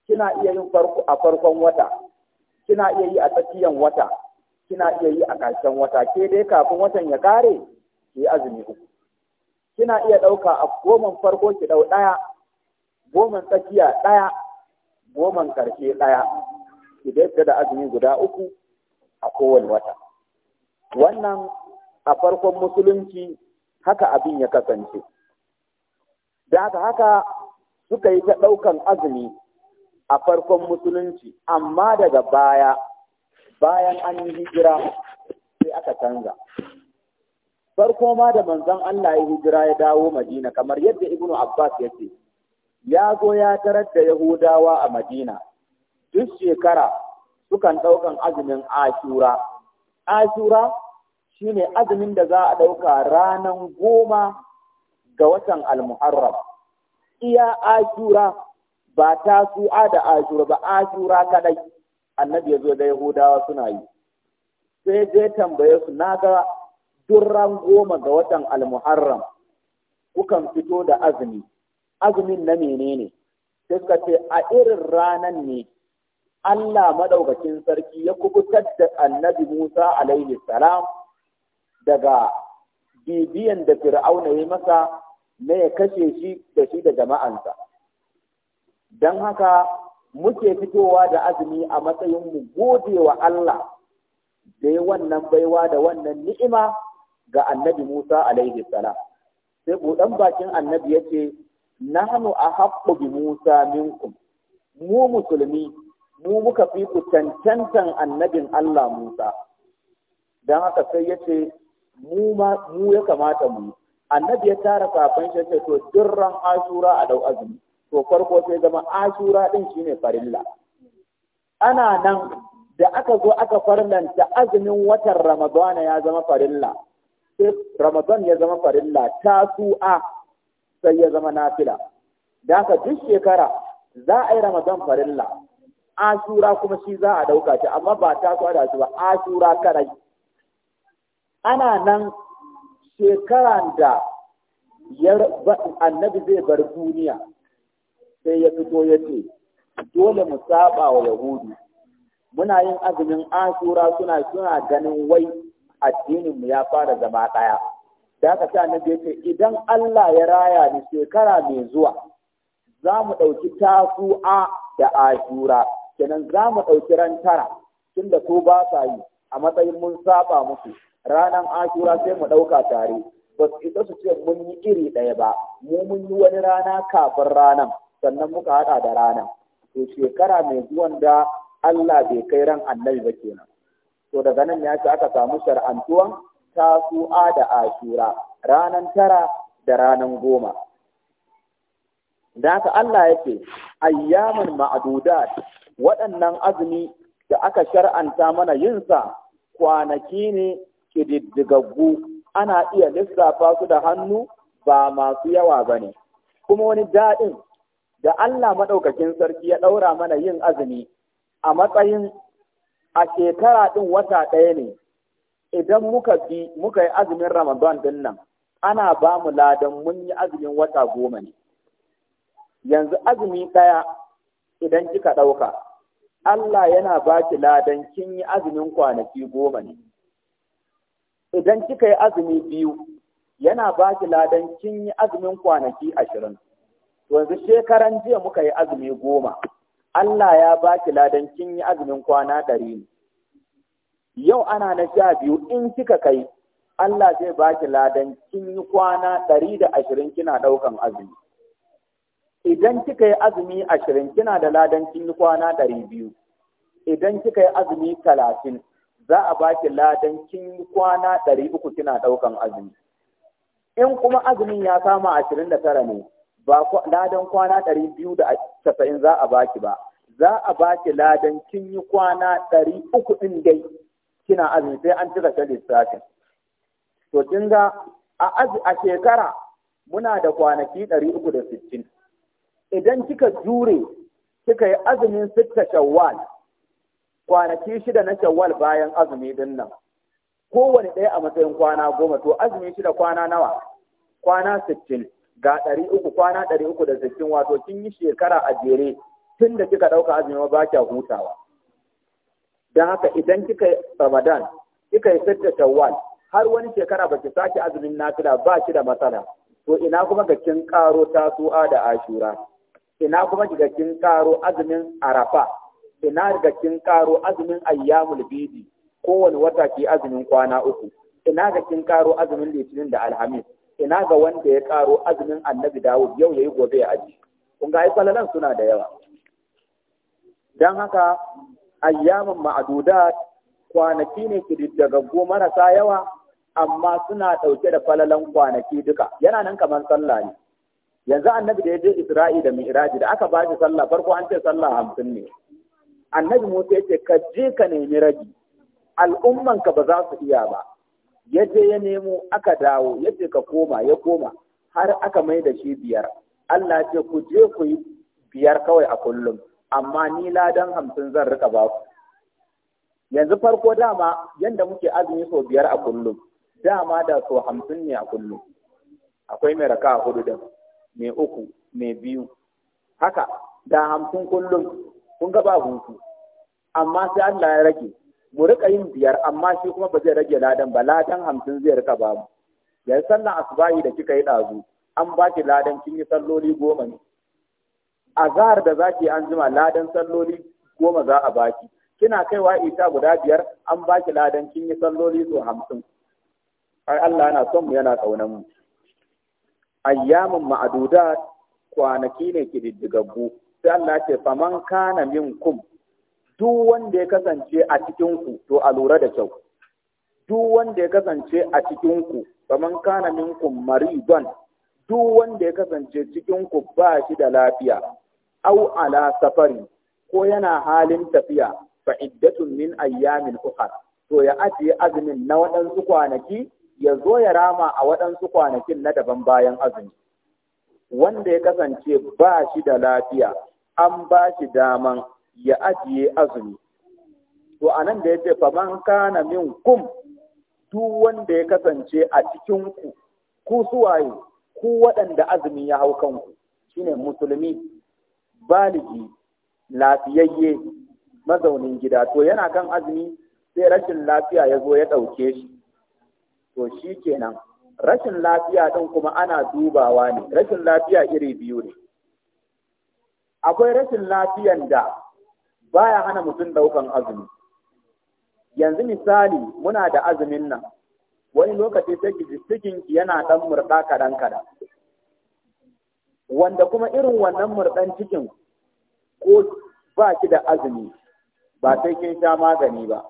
kina iya yin farko a farkon wata kina iya yi a tsakiyan wata kina iya yi a ƙarshen wata ke dai kafin watan ya ƙare ki azumi uku kina iya ɗauka a goman farko ki ɗau ɗaya goman tsakiya ɗaya goman ƙarshe ɗaya ki dai da azumi guda uku a kowane wata wannan a farkon musulunci haka abin ya kasance. Da haka haka suka yi ta ɗaukan azumi a farkon musulunci, amma daga baya, bayan an yi hijira sai aka canza. Farko ma da manzan Allah ya hijira ya dawo Madina, kamar yadda Ibn Abbas ya ce, ya zo ya tarar da Yahudawa a Madina, duk shekara sukan ɗaukan azumin Ashura. Ashura shine azumin da za a ɗauka ranar goma ga watan almuharram iya ashura ba ta su'a da ashura ba ashura kaɗai. annabi ya zo da yahudawa suna yi sai je tambaye su na ga durran goma ga watan almuharram kukan fito da azumi azumin na menene sai suka ce a irin ranan ne Allah madaukakin sarki ya kubutar da annabi Musa alaihi salam daga bibiyan da fir'auna ya masa na ya kashe shi da shi da jama'ansa don haka muke fitowa da azumi a matsayin mu gode wa Allah da ya wannan baiwa da wannan ni'ima ga annabi Musa alaihi salam sai buɗan bakin annabi ya ce nahnu a bi Musa minkum mu musulmi mu muka fi ku cancantan annabin Allah Musa don haka sai ya ce mu ma mu ya kamata mu annabi ya tara kafin shi ce to dirran ashura a dau azumi to farko sai zama asura din shine farilla ana nan da aka zo aka farlanta azumin watan ramadana ya zama farilla sai ramadan ya zama farilla ta sua sai ya zama nafila da aka duk shekara za a yi ramadan farilla ashura kuma shi za a dauka shi amma ba su'a da su ba asura karai ana nan shekaran da annabi zai bar duniya sai ya fito ya ce dole mu saba wa Yahudi. muna yin azumin asura suna suna ganin wai addinin mu ya fara zama ɗaya da aka sa annabi ya ce idan Allah ya raya ni shekara mai zuwa za mu ɗauki tasu'a da ashura kenan za mu ɗauki rantara, tun tunda ko ba sa yi a matsayin mun saba musu Ranan ashura sai mu ɗauka tare ba su isa su ce mun yi iri ɗaya ba mu mun yi wani rana kafin ranan sannan muka haɗa da ranan to shekara mai zuwan da Allah bai kai ran annabi ba kenan to daga nan ya ce aka samu shar'antuwan tasu'a da ashura ranan tara da ranan goma da Allah ya ce ayyaman ma'adudat waɗannan azumi da aka shar'anta mana yinsa kwanaki ne ƙididdigaggu ana iya lissafa su da hannu ba masu yawa ba ne. Kuma wani daɗin da Allah maɗaukakin sarki ya ɗaura mana yin azumi a matsayin a shekara ɗin wata ɗaya ne, idan muka bi muka yi azumin Ramadan ɗin nan, ana ba mu ladan mun yi azumin wata goma ne. Yanzu azumi ɗaya idan kika ɗauka, Allah yana ba ki ladan kin yi azumin kwanaki goma ne. idan kika yi azumi biyu yana ba ki ladan kin yi azumin kwanaki ashirin yanzu shekaran jiya muka yi azumi goma Allah ya ba ki ladan kin yi azumin kwana ɗari ne yau ana na sha biyu in kika kai Allah zai ba ki ladan kin yi kwana ɗari da ashirin kina ɗaukan azumi idan kika yi azumi ashirin kina da ladan kin yi kwana ɗari biyu idan kika yi azumi talatin za a baki ladan kin kwana ɗari uku kina ɗaukan azumi in kuma azumin ya kama ashirin da tara ne ba ladan kwana ɗari biyu da casa'in za a baki ba za a baki ladan kin yi kwana ɗari uku ɗin dai kina azumi sai an cika shan lissafin to kin ga a shekara muna da kwanaki ɗari uku da sittin idan kika jure kika yi azumin sitta shawwal kwanaki shida na shawwal bayan azumi din nan kowane ɗaya a matsayin kwana goma to azumi shida kwana nawa kwana sittin ga ɗari uku kwana ɗari uku da sittin wato kin yi shekara a jere tun da kika ɗauka azumi ba kya hutawa don haka idan kika yi ramadan kika yi sitta shawwal har wani shekara baki sake azumin nafila ba ki da matsala to ina kuma ga kin karo tasu'a da ashura ina kuma ki ga kin karo azumin arafa ina ga kin karo azumin ayyamul bidi kowane wata ke azumin kwana uku ina ga kin karo azumin litinin da alhamis ina ga wanda ya karo azumin annabi dawud yau yayi gobe ya aji kun ga falalan suna da yawa dan haka ayyamun ma'adudat kwanaki ne kididdagaggu marasa yawa amma suna ɗauke da falalan kwanaki duka yana nan kamar sallah ne yanzu annabi da ya je isra'i da mi'raji da aka ba shi sallah farko an ce sallah hamsin ne annabi Musa ya ce ka je ka nemi rabi al'umman ka ba za su iya ba ya je ya nemo aka dawo yace ka koma ya koma har aka mai da shi biyar Allah ce ku je ku yi biyar kawai a kullum amma ni ladan hamsin zan rika ba ku yanzu farko dama yanda muke azumi sau biyar a kullum dama da sau hamsin ne a kullum akwai mai raka a hudu din mai uku mai biyu haka da hamsin kullum kun ga ba hutu amma sai Allah ya rage mu rika yin biyar amma shi kuma ba zai rage ladan ba ladan hamsin zai rika ba mu yanzu sallan asubahi da kika yi dazu an baki ladan kin yi salloli goma ne azhar da zaki an jima ladan salloli goma za a baki kina kaiwa ita guda biyar an baki ladan kin yi salloli so hamsin ai Allah yana son mu yana kaunan mu ayyamun ma'aduda kwanaki ne kididdigaggu sai Allah ya ce faman kana minkum duk wanda ya kasance a cikinku to a lura da kyau duk wanda ya kasance a cikinku kaman kana kumari maridon duk wanda ya kasance cikinku ba shi da lafiya au ala safari ko yana halin tafiya fa iddatun min ayyamin ukhar to ya ajiye azumin na waɗansu kwanaki ya zo ya rama a waɗansu kwanakin na daban bayan azumi wanda ya kasance ba shi da lafiya an ba shi daman ya ajiye azumi to a nan da ya yace faman kana kum duk wanda ya kasance a cikin ku ku suwaye ku waɗanda azumi ya hau kanku shine musulmi baligi lafiyayye mazaunin gida to yana kan azumi sai rashin lafiya ya zo ya ɗauke shi to shi kenan rashin lafiya ɗin kuma ana dubawa ne rashin lafiya iri biyu ne akwai rashin lafiyan da baya hana mutum daukan azumi yanzu misali muna da azumin nan wani lokaci sai ki ki yana dan murɗa kadan kaɗan wanda kuma irin wannan murɗan cikin ko ba ki da azumi ba sai kin sha magani ba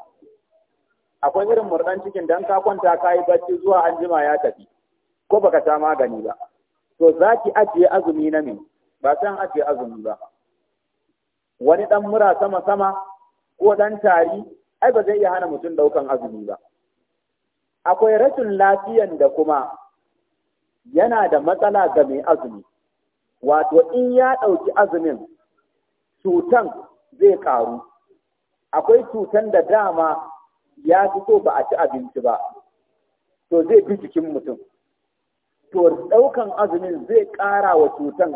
akwai irin murɗan cikin dan ka kwanta ka yi bacci zuwa an jima ya tafi ko baka sha magani ba to za ki ajiye azumi na me ba san ajiye azumi ba wani ɗan mura sama sama ko ɗan tari ai ba zai iya hana mutum ɗaukan azumi ba akwai rashin lafiyan da kuma yana da matsala ga mai azumi wato in ya ɗauki azumin cutan zai ƙaru akwai cutan da dama ya fi so ba a ci abinci ba to zai bi jikin mutum to ɗaukan azumin zai ƙara wa cutan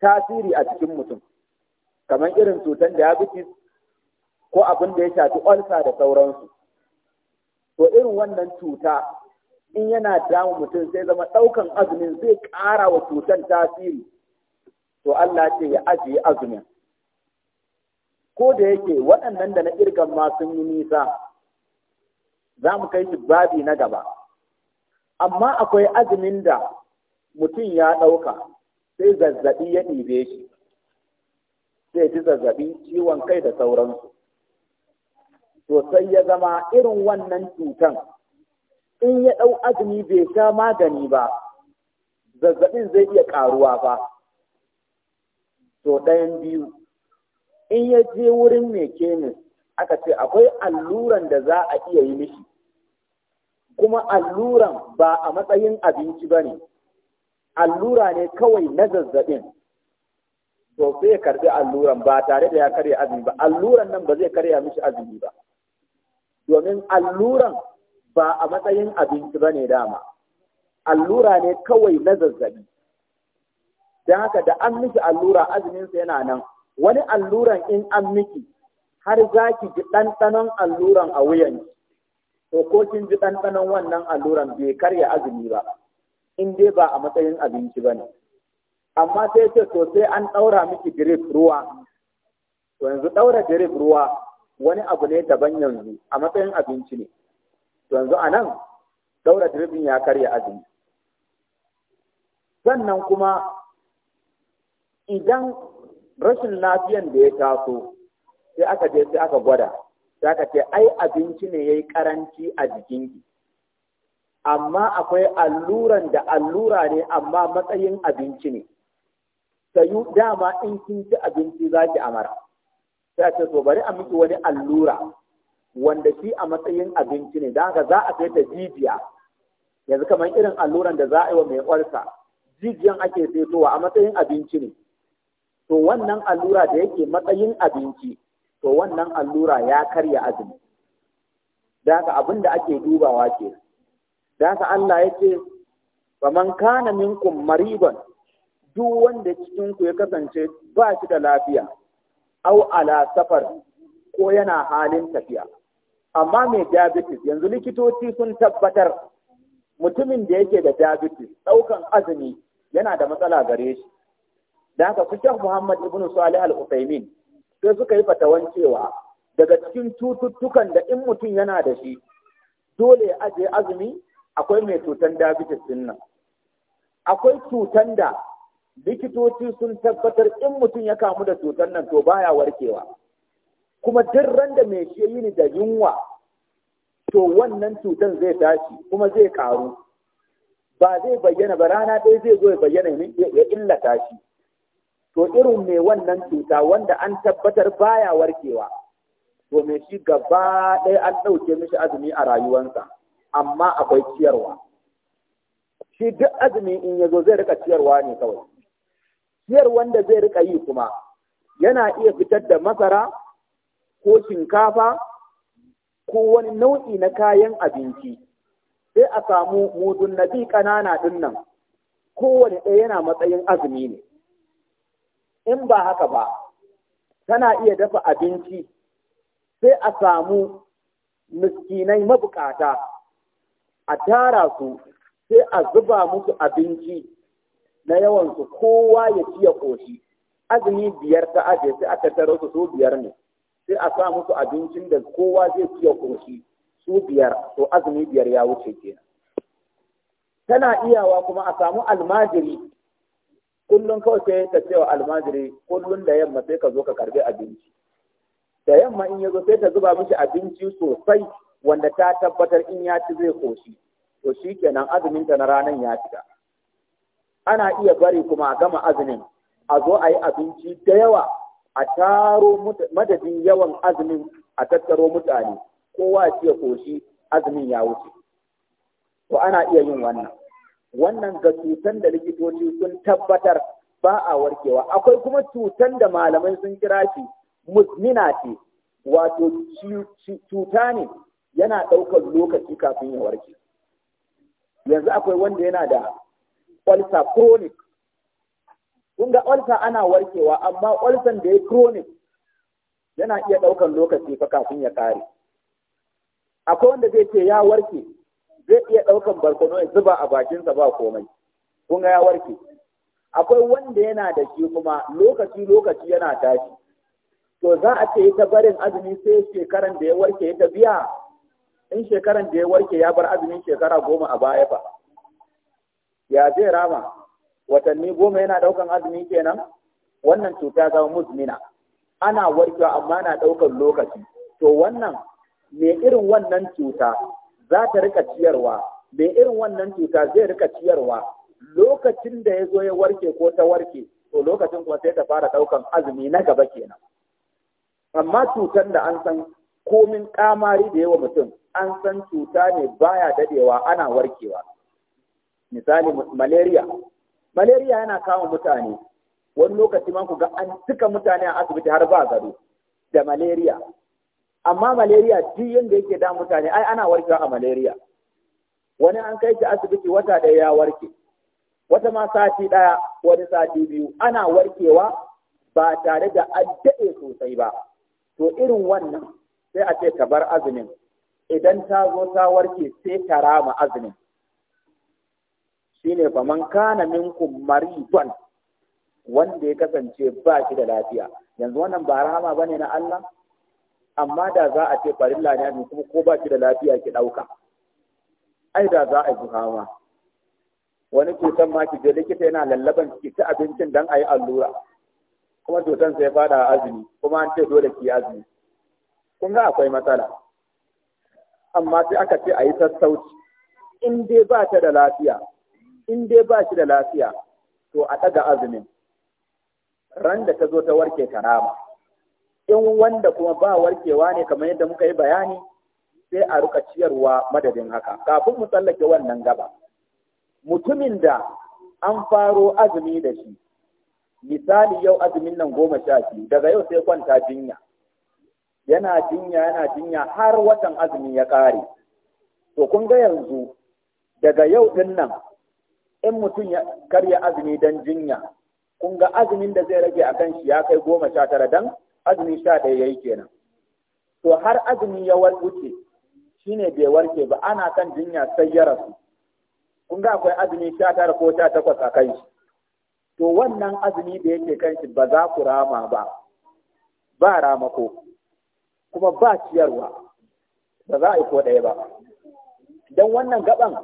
tasiri a cikin mutum kamar irin cutar diabetes ko abin da ya shafi ulcer da sauransu to irin wannan cuta in yana damun mutum sai zama ɗaukan azumin zai ƙara wa cutar tasiri to Allah ce ya ajiye azumin ko da yake waɗannan da na ƙirgan ma sun yi nisa za mu kai shi babi na gaba amma akwai azumin da mutum ya ɗauka sai zazzaɓi ya ɗibe shi Zai ji zazzabi ciwon kai da sauransu to sai ya zama irin wannan cutan in ya ɗau azumi bai sha magani ba zazzabin zai iya ƙaruwa ba to ɗayan biyu in ya je wurin mai kemis aka ce akwai alluran da za a iya yi mishi kuma alluran ba a matsayin abinci ba ne allura ne kawai na zazzabin to sai ya karbi alluran ba tare da ya karya azumi ba alluran nan ba zai karya mishi azumi ba domin alluran ba a matsayin abinci ba ne dama allura ne kawai na zazzabi don haka da an miki allura azuminsa yana nan wani alluran in an miki har za ki ji ɗanɗanon alluran a wuyan to ko kin ji ɗanɗanon wannan alluran bai karya azumi ba in dai ba a matsayin abinci ba ne amma sai ce to sai an ɗaura miki direk ruwa to yanzu ɗaura direk ruwa wani abu ne daban yanzu a matsayin abinci ne to yanzu a nan ɗaura dripin ya karya azumi sannan kuma idan rashin lafiyan da ya taso sai aka je sai aka gwada sai aka ce ai abinci ne ya yi karanci a jikinki amma akwai alluran da allura ne amma matsayin abinci ne sayu dama in kin ci abinci za ki amara sai a ce to bari a miki wani allura wanda shi a matsayin abinci ne don haka za a sai ta jijiya yanzu kamar irin alluran da za a yi wa mai ƙwarsa jijiyan ake saitowa a matsayin abinci ne to wannan allura da yake matsayin abinci to wannan allura ya karya azumi da haka abin da ake dubawa ke da haka Allah ya ce faman kana minkum mariban duk wanda cikin ku ya kasance ba shi da lafiya au ala safar ko yana halin tafiya amma mai diabetes yanzu likitoci sun tabbatar mutumin da yake da diabetes ɗaukan azumi yana da matsala gare shi da haka su Sheikh Muhammad ibn Salih al-Uthaymeen sai suka yi fatawan cewa daga cikin cututtukan da in mutum yana da shi dole ya ajiye azumi akwai mai cutan diabetes din nan akwai cutan da likitoci sun tabbatar in mutum ya kamu da cutar nan to baya warkewa kuma duk ran da mai shi yini da yunwa to wannan cutar zai tashi kuma zai karu ba zai bayyana ba rana ɗaya zai zo ya bayyana ya illata shi to irin mai wannan cuta wanda an tabbatar baya warkewa to mai shi gaba ɗaya an ɗauke mishi azumi a rayuwansa amma akwai ciyarwa shi duk azumi in yazo zai rika ciyarwa ne kawai ciyar wanda zai rika yi kuma yana iya fitar da masara ko shinkafa ko wani nau'i na kayan abinci sai a samu mudun nabi ƙanana ɗin nan kowane ɗaya yana matsayin azumi ne in ba haka ba tana iya dafa abinci sai a samu miskinai mabukata a tara su sai a zuba musu abinci na yawansu kowa ya ci ya ƙoshi azumi biyar ta aje sai aka tara su su biyar ne sai a sa musu abincin da kowa zai ci ya ƙoshi su biyar to azumi biyar ya wuce kenan tana iyawa kuma a samu almajiri kullum kawai sai ta cewa almajiri kullum da yamma sai ka zo ka karbi abinci da yamma in ya zo sai ta zuba mishi abinci sosai wanda ta tabbatar in ya ci zai koshi to shi kenan azumin ta na ranar ya fita ana iya bari kuma a gama azumin a zo a yi abinci da yawa a taro madadin yawan azumin a tattaro mutane kowa ya koshi azumin ya wuce to ana iya yin wannan wannan ga cutan da likitoci sun tabbatar ba a warkewa akwai kuma cutan da malamai sun kira shi musmina ce wato cuta ne yana ɗaukar lokaci kafin ya warke yanzu akwai wanda yana da ulcer chronic kun ga ulcer ana warkewa amma ulcer da ya chronic yana iya ɗaukan lokaci fa kafin ya kare akwai wanda zai ce ya warke zai iya ɗaukan barkono ya zuba a bakinsa ba komai kun ga ya warke akwai wanda yana da shi kuma lokaci lokaci yana tashi to za a ce ta barin azumi sai shekaran da ya warke ya biya in shekaran da ya warke ya bar azumin shekara goma a baya fa ya zai rama watanni goma yana ɗaukan azumi kenan wannan cuta ga muzmina ana warkewa amma na ɗaukan lokaci to wannan me irin wannan cuta za ta rika ciyarwa me irin wannan cuta zai rika ciyarwa lokacin da ya zo ya warke ko ta warke to lokacin kuma sai ta fara ɗaukan azumi na gaba kenan amma cutar da an san komin kamari da yawa mutum an san cuta ne baya dadewa ana warkewa misali malaria malaria yana kama mutane wani lokaci ma ku ga an cika mutane a asibiti har ba gado da malaria amma malaria duk yanda yake da mutane ai ana warkewa a malaria wani an kai shi asibiti wata da ya warke wata ma sati ɗaya wani sati biyu ana warkewa ba tare da an daɗe sosai ba to irin wannan sai a ce ka bar azumin idan ta zo ta warke sai ta rama azumin shine faman kana minkum maridan wanda ya kasance ba shi da lafiya yanzu wannan ba rahama bane na Allah amma da za a ce farilla ne kuma ko ba shi da lafiya ki dauka ai da za a yi hawa. wani cutan ma ki je likita yana lallaban ki ta abincin dan ayi allura kuma cutan sai fada azumi kuma an ce dole ki azumi kun ga akwai matsala amma sai aka ce yi sassauci in dai ba ta da lafiya in dai ba shi da lafiya to a ɗaga azumin ran da ta zo ta warke rama in wanda kuma ba warkewa ne kamar yadda muka yi bayani sai a rika ciyarwa madadin haka kafin mu tsallake wannan gaba mutumin da an faro azumi da shi misali yau azumin nan goma sha biyu daga yau sai kwanta jinya yana jinya yana jinya har watan azumi ya ƙare to kun ga yanzu daga yau din nan in mutum ya karya azumi don jinya kun ga azumin da zai rage a kan shi ya kai goma sha tara don azumi sha ɗaya ya yi kenan to har azumi ya wuce shine bai warke ba ana kan jinya sai ya rasu kun ga akwai azumi sha tara ko sha takwas a kan shi to wannan azumi da yake kan shi ba za ku rama ba ba ramako kuma ba ciyarwa ba za a yi ko ɗaya ba don wannan gaban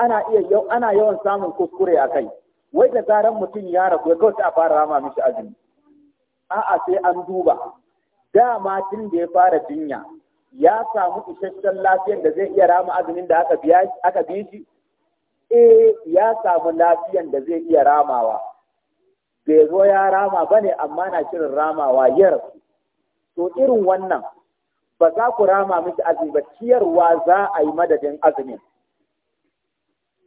ana iya ana yawan samun kuskure a kai wai da zaran mutum ya rasu kawai sai a fara rama mishi azumi a'a sai an duba dama tun da ya fara jinya ya samu isasshen lafiyar da zai iya rama azumin da aka biya aka bi shi eh ya samu lafiyar da zai iya ramawa bai zo ya rama bane amma na shirin ramawa ya rasu to irin wannan ba za ku rama miki azumi ba ciyarwa za a yi madadin azumin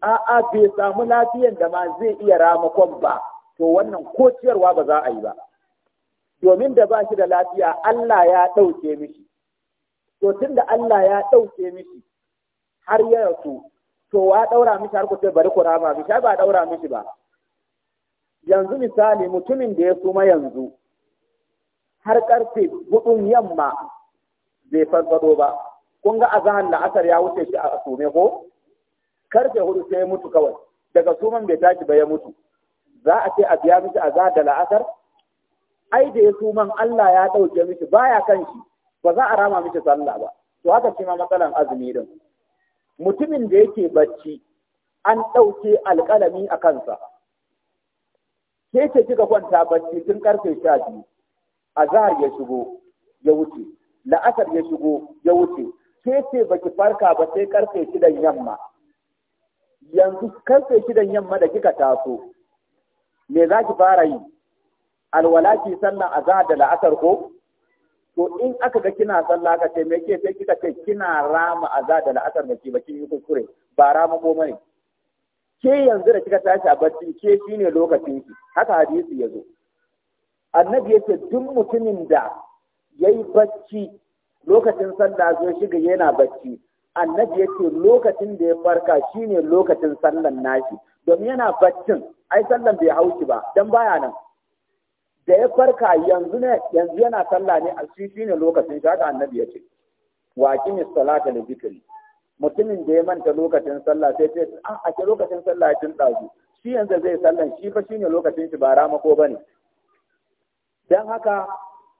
a'a bai samu lafiyan da ma zai iya ramakon ba to wannan ko ciyarwa ba za a yi ba domin da ba shi da lafiya Allah ya ɗauke mishi to tunda Allah ya ɗauke mishi har ya rasu to wa ɗaura mishi har ku ce bari ku rama mishi ba ɗaura mishi ba yanzu misali mutumin da ya suma yanzu har karfe hudun yamma bai farfado ba kun ga azahar la'asar ya wuce shi a sume ko karfe hudu sai ya mutu kawai daga suman bai tashi ba ya mutu za a ce a biya mishi za da la'asar ai da ya suman Allah ya ɗauke mishi baya kan shi ba za a rama mishi sallah ba to haka shi ma matsalan azumi din mutumin da yake bacci an ɗauke alƙalami a kansa ke ce kika kwanta bacci tun karfe sha biyu azhar ya shigo ya wuce la'asar ya shigo ya wuce ke ce baki farka ba sai karfe shidan yamma yanzu karfe shidan yamma da kika taso me za ki fara yi alwala ki sallan azhar da la'asar ko to in aka ga kina sallah ka ce me ke sai kika ce kina rama azhar da la'asar da ki ba kin yi kuskure ba rama ko mai ke yanzu da kika tashi a barci ke shine lokacin ki haka hadisi yazo annabi yace duk mutumin da yayi barci lokacin sallah zo shiga yana barci. annabi yake lokacin da ya farka shine lokacin sallan nashi domin yana baccin ai sallan bai hauki ba dan baya nan da ya farka yanzu ne yanzu yana sallah ne a shi shine lokacin shi haka annabi yake wa aqimis salata da dhikri mutumin da ya manta lokacin sallah sai ce ah, a a ke lokacin sallah ya cin dazu shi yanzu zai sallan shi fa shine lokacin shi ba rama ko bane dan haka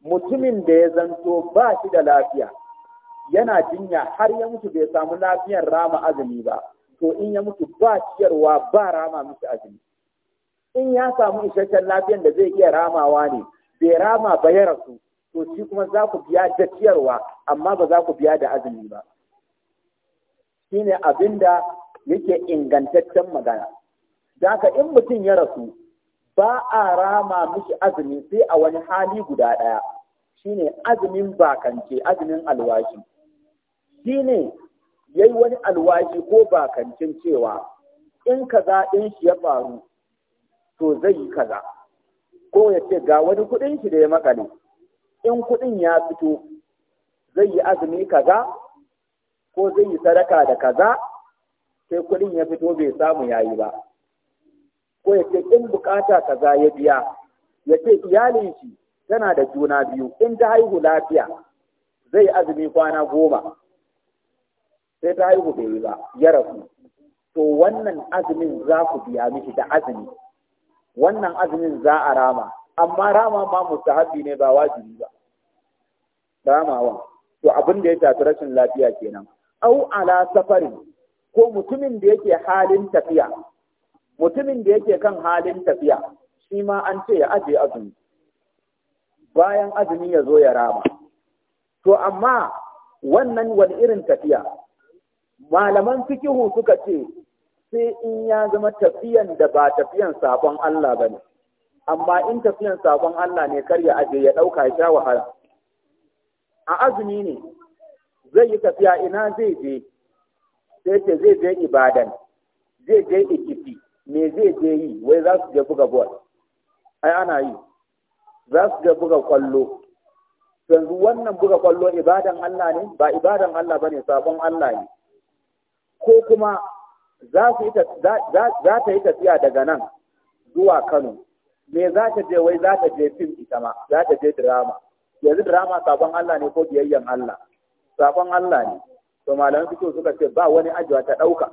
mutumin da ya zanto ba shi da lafiya yana jinya har ya mutu bai samu lafiyar rama azumi ba to in ya mutu ba ciyarwa ba rama miki azumi in ya samu isasshen lafiyar da zai iya ramawa ne bai rama ba ya rasu to shi kuma za ku biya da ciyarwa amma ba za ku biya da azumi ba Shi ne abin da yake ingantaccen magana Daka in mutum ya rasu ba a rama mishi azumi sai a wani hali guda ɗaya shine azumin bakance azumin alwashi shine yi wani alwashi ko bakancin cewa in kaza din shi ya faru to zai yi kaza ko ya ce ga wani kuɗin shi da ya makale in kuɗin ya fito zai yi azumi kaza ko zai yi sadaka da kaza sai kuɗin ya fito bai samu ya yi ba ko ya ce in bukata kaza ya biya ya ce iyalin shi tana da juna biyu in ta haihu lafiya zai azumi kwana goma sai ta haihu bai yi ba ya rasu to wannan azumin za ku biya miki da azumi wannan azumin za a rama amma rama ma mustahabi ne ba wajibi ba ramawan to abin da ya tafi rashin lafiya kenan au ala safari ko mutumin da yake halin tafiya mutumin da yake kan halin tafiya shi ma an ce ya aje azumi bayan azumi ya zo ya rama to amma wannan wani irin tafiya malaman fikihu suka ce sai in ya zama tafiyan da ba tafiyan sabon Allah ba ne amma in tafiyan sabon Allah ne kar ya aje ya ɗauka ya sha wahala a azumi ne zai yi tafiya ina zai je sai ce zai je ibadan zai je ikiti me zai je yi wai za su je buga bol ai ana yi za su je buga kwallo yanzu wannan buga kwallo ibadan Allah ne ba ibadan Allah bane sabon Allah ne ko kuma za ta yi tafiya daga nan zuwa Kano me za ta je wai za ta je fim ita ma za ta je drama yanzu drama sabon Allah ne ko biyayyen Allah sabon Allah ne to malamin fito suka ce ba wani ajiwa ta ɗauka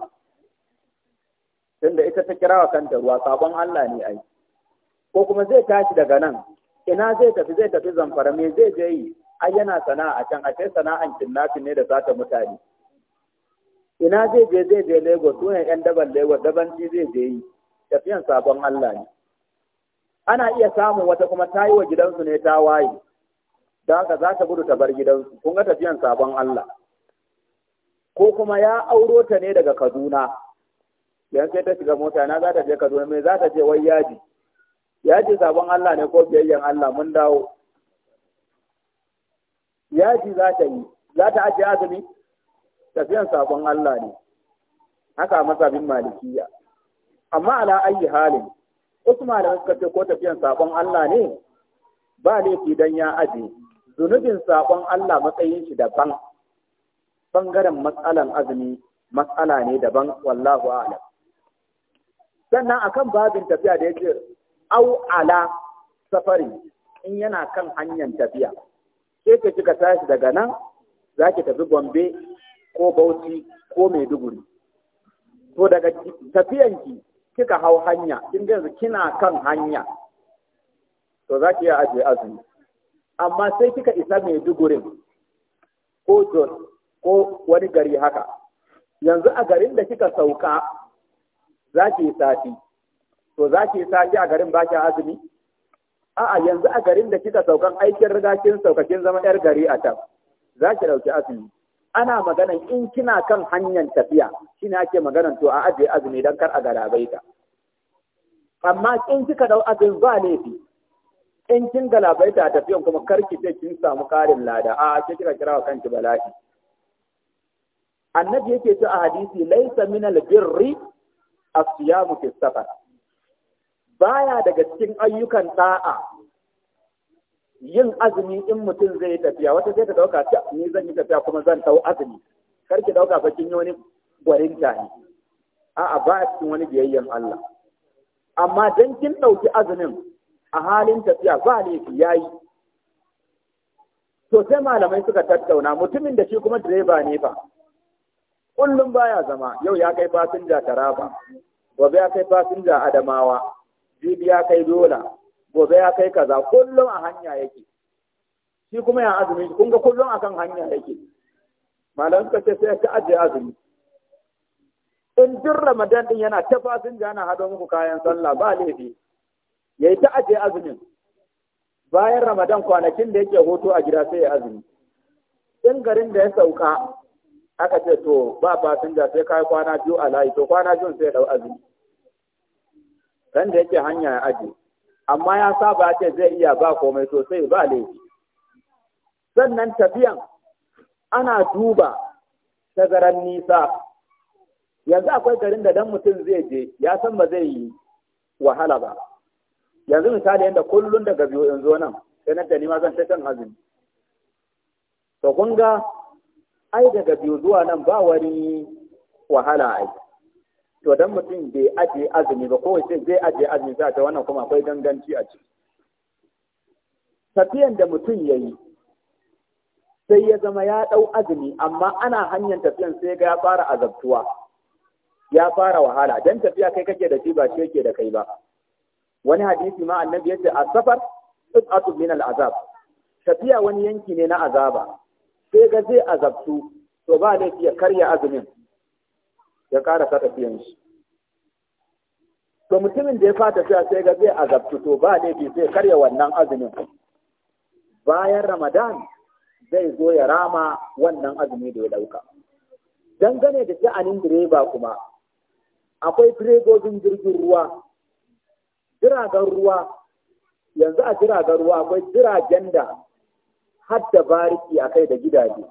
tunda ita ta kirawa kanta ruwa sabon Allah ne ai ko kuma zai tashi daga nan ina zai tafi zai tafi zamfara me zai je yi ai yana sana'a can a sai sana'an kinnafin ne da za ta mutane ina zai je zai je Lagos su ne ‘yan daban Lagos ci zai je yi tafiyan sabon Allah ne. Ana iya samun wata kuma ta yi wa gidansu ne ta waye, da haka za ta gudu ta bar gidansu, kun ga tafiyan sabon Allah. Ko kuma ya auro ta ne daga Kaduna, yan sai ta shiga mota na za ta je Kaduna mai za ta je wai yaji. Yaji sabon Allah ne ko biyayyen Allah mun dawo. Yaji za ta yi, za ta ajiye azumi, tafiyan sakon Allah ne haka mazhabin malikiya amma ala ayi halin Usman da suka ce ko tafiyan sakon Allah ne ba laifi dan ya aje zunubin sakon Allah matsayin shi daban bangaren matsalan azumi matsala ne daban wallahu a'lam sannan akan babin tafiya da yake au ala safari in yana kan hanyar tafiya sai ka kika tashi daga nan za ki tafi Gombe ko Bauchi ko Maiduguri to daga tafiyanki kika hau hanya kin yanzu kina kan hanya to za ki iya aje azumi amma sai kika isa Maidugurin ko Jos ko wani gari haka yanzu a garin da kika sauka za ki yi sati to za ki yi sati a garin ba ki azumi a'a yanzu a garin da kika saukan aikin riga kin sauka kin zama yar gari a can za ki dauki azumi ana magana in kina kan hanyar tafiya shine ake maganan to a ajiye azumi dan kar a galabaita amma in kika dau azumi ba laifi in kin galabaita a tafiyan kuma kar ki ce kin samu karin lada a ke kira kira wa kanki bala'i annabi yake ce a hadisi laisa min albirri a siyamu fi safar baya daga cikin ayyukan da'a yin azumi in mutum zai tafiya wata sai ta dauka ta ni zan yi tafiya kuma zan tau azumi kar ki dauka bakin yi wani gwarin a a'a ba a cikin wani biyayyen Allah amma dan kin dauki azumin a halin tafiya ba ki yayi to sai malamai suka tattauna mutumin da shi kuma direba ne fa kullum baya zama yau ya kai fasinja taraba gobe ya kai fasinja adamawa jibi ya kai dola gobe ya kai kaza kullum a hanya yake shi kuma ya azumi kun ga kullum a kan hanya yake malam suka ce sai ka ajiye azumi in jin ramadan din yana ta fasin da hado muku kayan sallah ba laifi Ya yi ta ajiye azumin bayan ramadan kwanakin da yake hoto a gida sai ya azumi in garin da ya sauka aka ce to ba fasinja sai kai kwana biyu a layi to kwana biyun sai ya dau azumi kan da yake hanya ya ajiye. amma ya saba ce zai iya ba komai sosai ba laifi sannan tafiyan ana duba tazaran nisa yanzu akwai garin da dan mutum zai je ya san ba zai yi wahala ba yanzu misali yadda kullum daga biyu in zo nan sai na ni ma zan ta kan azumi to kun ga ai daga biyu zuwa nan ba wani wahala aiki. to dan mutum bai ajiye azumi ba ko sai zai ajiye azumi za ta wannan kuma akwai danganci a ciki tafiyan da mutum yayi sai ya zama ya ɗau azumi amma ana hanyar tafiyan sai ga ya fara azabtuwa ya fara wahala dan tafiya kai kake da shi ba shi yake da kai ba wani hadisi ma annabi yace a safar qit'atun min al-azab tafiya wani yanki ne na azaba sai ga zai azabtu to ba laifi ya karya azumin ya karasa tafiyan shi to mutumin da ya fata tafiya sai ga zai azabtu to ba laifi sai karya wannan azumin bayan ramadan zai zo ya rama wannan azumi da ya ɗauka. dangane da sha'anin direba kuma akwai firegogin jirgin ruwa jiragen ruwa yanzu a jiragen ruwa akwai jiragen da har da bariki a kai da gidaje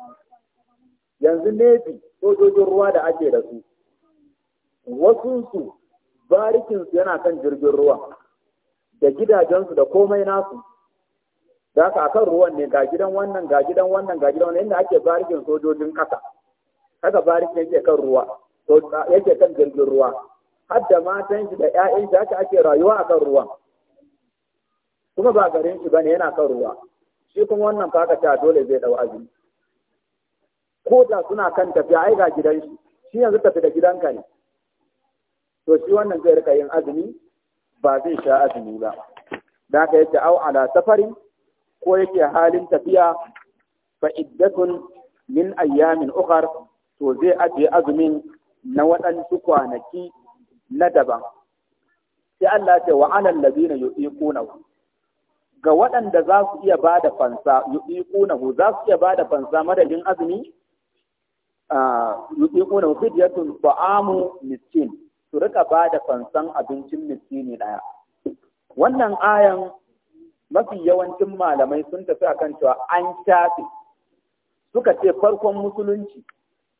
yanzu nefi sojojin ruwa da ake da su wasunsu barikinsu yana kan jirgin ruwa da gidajensu da komai nasu za ka akan ruwan ne ga gidan wannan ga gidan wannan ga gidan wannan inda ake barikin sojojin kasa haka barikin yake kan ruwa yake kan jirgin ruwa har da matan shi da ƴaƴan shi haka ake rayuwa akan ruwan kuma ba garin shi bane yana kan ruwa shi kuma wannan fa ta dole zai dau azumi ko da suna kan tafiya ai ga gidan shi shi yanzu tafi da gidanka ne to shi wannan zai rika yin azumi ba zai sha azumi ba da ka yace au ala safarin ko yake halin tafiya fa iddatun min ayyamin ukhar to zai ajiye azumin na waɗansu kwanaki na daban sai Allah ce wa alal ladina yuqiquna ga waɗanda za su iya ba da fansa yuqiqunahu za su iya ba da fansa madadin azumi yuqiqunahu fidyatun ta'amu miskin su rika ba da fansan abincin miskini ɗaya. Wannan ayan mafi yawancin malamai sun tafi a kan cewa an shafe suka ce farkon musulunci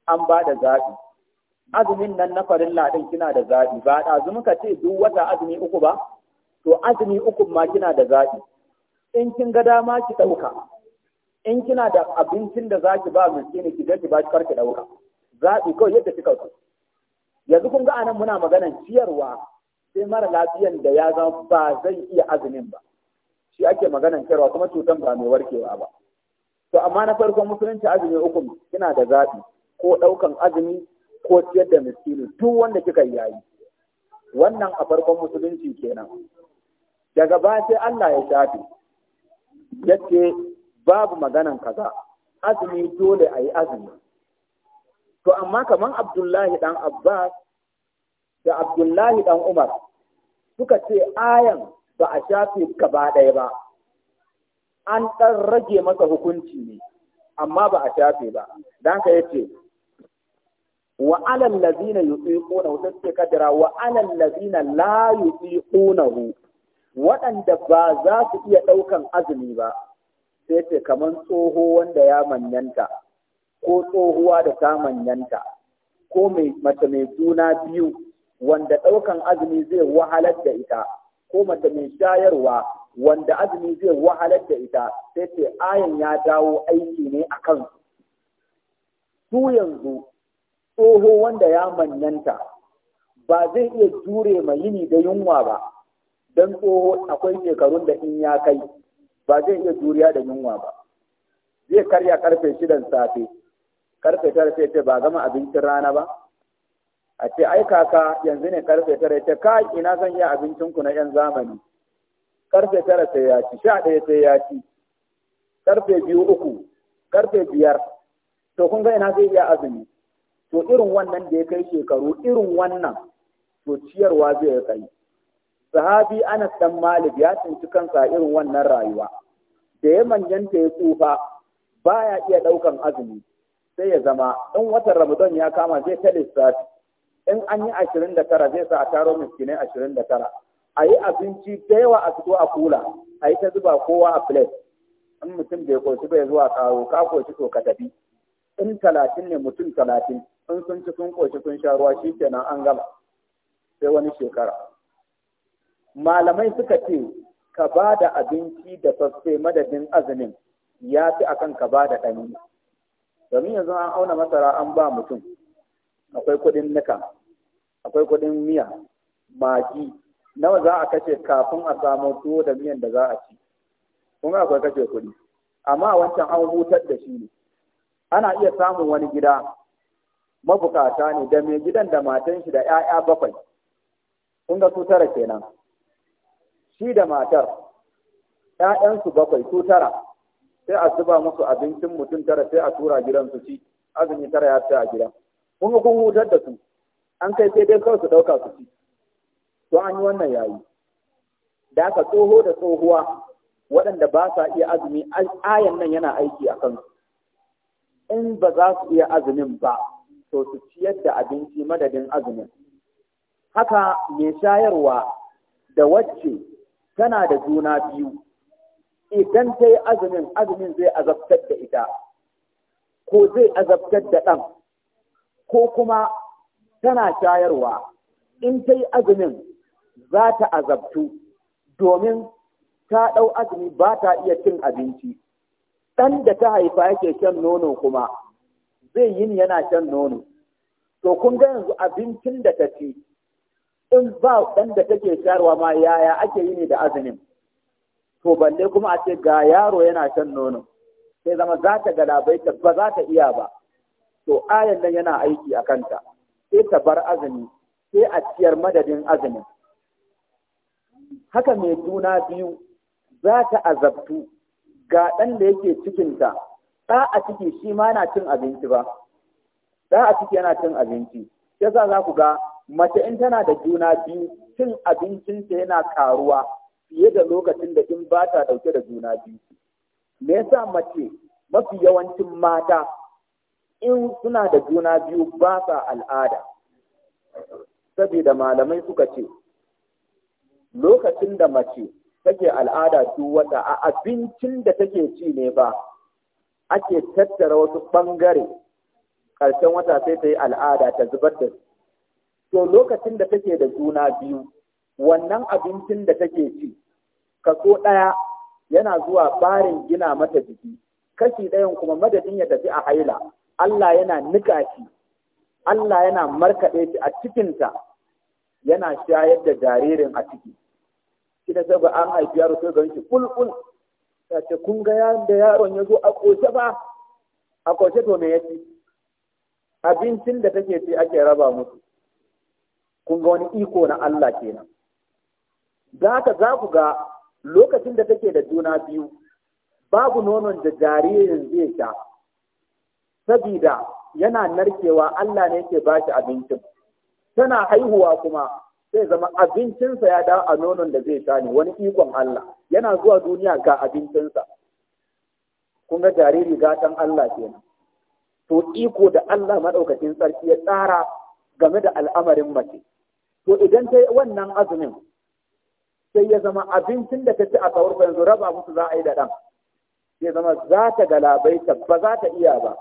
an ba da zaɓi. Azumin nan na farin laɗin kina da zaɓi ba ɗazu muka ce duk wata azumi uku ba, to azumi uku ma kina da zaɓi. In kin ga dama ki ɗauka, in kina da abincin da za ki ba miskini ki ki ɗauka. Zaɓi kawai yadda kika so. yanzu kun ga anan muna maganan ciyarwa sai mara lafiyan da ya zama ba zai iya azumin ba shi ake maganan ciyarwa kuma cutan ba mai warkewa ba to amma na farkon musulunci azumi uku kina da zaɓi ko ɗaukan azumi ko ciyar da miskini duk wanda kika yi yayi wannan a farkon musulunci kenan daga ba sai Allah ya shafi yace babu maganan kaza azumi dole a yi azumi to amma kamar abdullahi dan abbas da abdullahi Ɗan umar suka ce ayan ba a shafe gaba ɗaya ba an ɗan rage masa hukunci ne amma ba a shafe ba dan ka yace wa alal ladina yutiquna sun ce kadira wa alal lazina la yutiqunahu waɗanda ba za su iya ɗaukan azumi ba sai ce kaman tsoho wanda ya manyanta ko tsohuwa da ta manyanta ko mace mai juna biyu wanda ɗaukan azumi zai wahalar da ita ko mace mai shayarwa wanda azumi zai wahalar da ita sai ce ayan ya dawo aiki ne a kansu su yanzu tsoho wanda ya manyanta ba zai iya jure ma yini da yunwa ba don tsoho akwai shekarun da in ya kai ba zai iya juriya da yunwa ba zai karya karfe shidan safe karfe tara sai ce ba gama abincin rana ba a ce ai kaka yanzu ne karfe tara ya ce ka ina zan iya abincin ku na yan zamani karfe tara sai ya ci sha ɗaya sai ya ci karfe biyu uku karfe biyar to kun ga ina zai iya azumi to irin wannan da ya kai shekaru irin wannan to ciyarwa zai kai sahabi Anas dan Malik ya tsinci kansa irin wannan rayuwa da ya manyanta ya tsufa baya iya daukan azumi sai ya zama in watan ramadan ya kama zai ta lissafi in an yi ashirin da tara zai sa a taro miskinai ashirin da tara a yi abinci da yawa a fito a kula a yi ta zuba kowa a plate in mutum bai koshi bai zuwa karo ka koshi to ka tafi in talatin ne mutum talatin in sun ci sun koshi sun sha ruwa shi kenan an gama sai wani shekara malamai suka ce ka ba da abinci da sassai madadin azumin ya fi akan ka ba da ɗani domin yanzu an auna masara an ba mutum akwai kuɗin nika akwai kuɗin miya magi nawa za a kashe kafin a samu tuwo da miyan da za a ci kun akwai kashe kuɗi amma wancan an hutar da shi ne ana iya samun wani gida mabukata ne da mai gidan da matan shi da 'ya'ya bakwai kun su tara kenan shi da matar 'ya'yansu bakwai su tara sai a zuba musu abincin mutum tara sai a tura gidan su ci azumi tara ya ta a gida kuma kun hutar da su an kai sai dai kawai su dauka su ci to an yi wannan yayi da aka tsoho da tsohuwa waɗanda ba sa iya azumi ayan nan yana aiki a kansu in ba za su iya azumin ba to su ciyar da abinci madadin azumin haka mai shayarwa da wacce tana da juna biyu idan ta yi azumin azumin zai azabtar da ita ko zai azabtar da ɗan ko kuma tana shayarwa in ta yi azumin za ta azabtu domin ta ɗau azumi ba ta iya cin abinci ɗan da ta haifa yake shan nono kuma zai yin yana shan nono to kun ga yanzu abincin da ta ci in ba ɗan da take shayarwa ma yaya ake yi ne da azumin to balle kuma a ce ga yaro yana shan nono sai zama za ta gada galabaita ba za ta iya ba to ayan nan yana aiki a kanta sai ta bar azumi sai a ciyar madadin azumin haka mai juna biyu za ta azabtu ga ɗan da yake cikinta ɗa a ciki shi ma na cin abinci ba ɗa a ciki yana cin abinci sai za ku ga mace in tana da juna biyu cin abincinta yana karuwa fiye da lokacin da in ba ta dauke da juna biyu me yasa mace mafi yawancin mata in suna da juna biyu ba sa al'ada saboda malamai suka ce lokacin da mace take al'ada duk wata a abincin da take ci ne ba ake tattara wasu ɓangare ƙarshen wata sai ta yi al'ada ta zubar da su to lokacin da take da juna biyu wannan abincin da take ci kaso ɗaya yana zuwa barin gina mata jiki kashi ɗayan kuma madadin ya tafi a haila Allah yana nika shi Allah yana markaɗe shi a cikinta yana shayar da jaririn a ciki shi da saboda an haifi yaro sai ga shi kulkul ta ce kun ga da yaron ya zo a ƙoshe ba a ƙoshe to me ya ci abincin da take ci ake raba musu kun ga wani iko na Allah kenan Zaka ka za ku ga lokacin da take da juna biyu babu nonon da jaririn zai sha sabida yana narkewa Allah ne ke ba shi abincin tana haihuwa kuma sai zama abincinsa ya dawo a nonon da zai sha ne wani ikon Allah yana zuwa duniya ga abincinsa kun ga jariri gatan Allah kenan to iko da Allah maɗaukacin sarki ya tsara game da al'amarin mace to idan ta wannan azumin sai ya zama abincin da ta ci a sahur ba yanzu raba musu za a yi da ɗan sai zama za ta galabaita ba za ta iya ba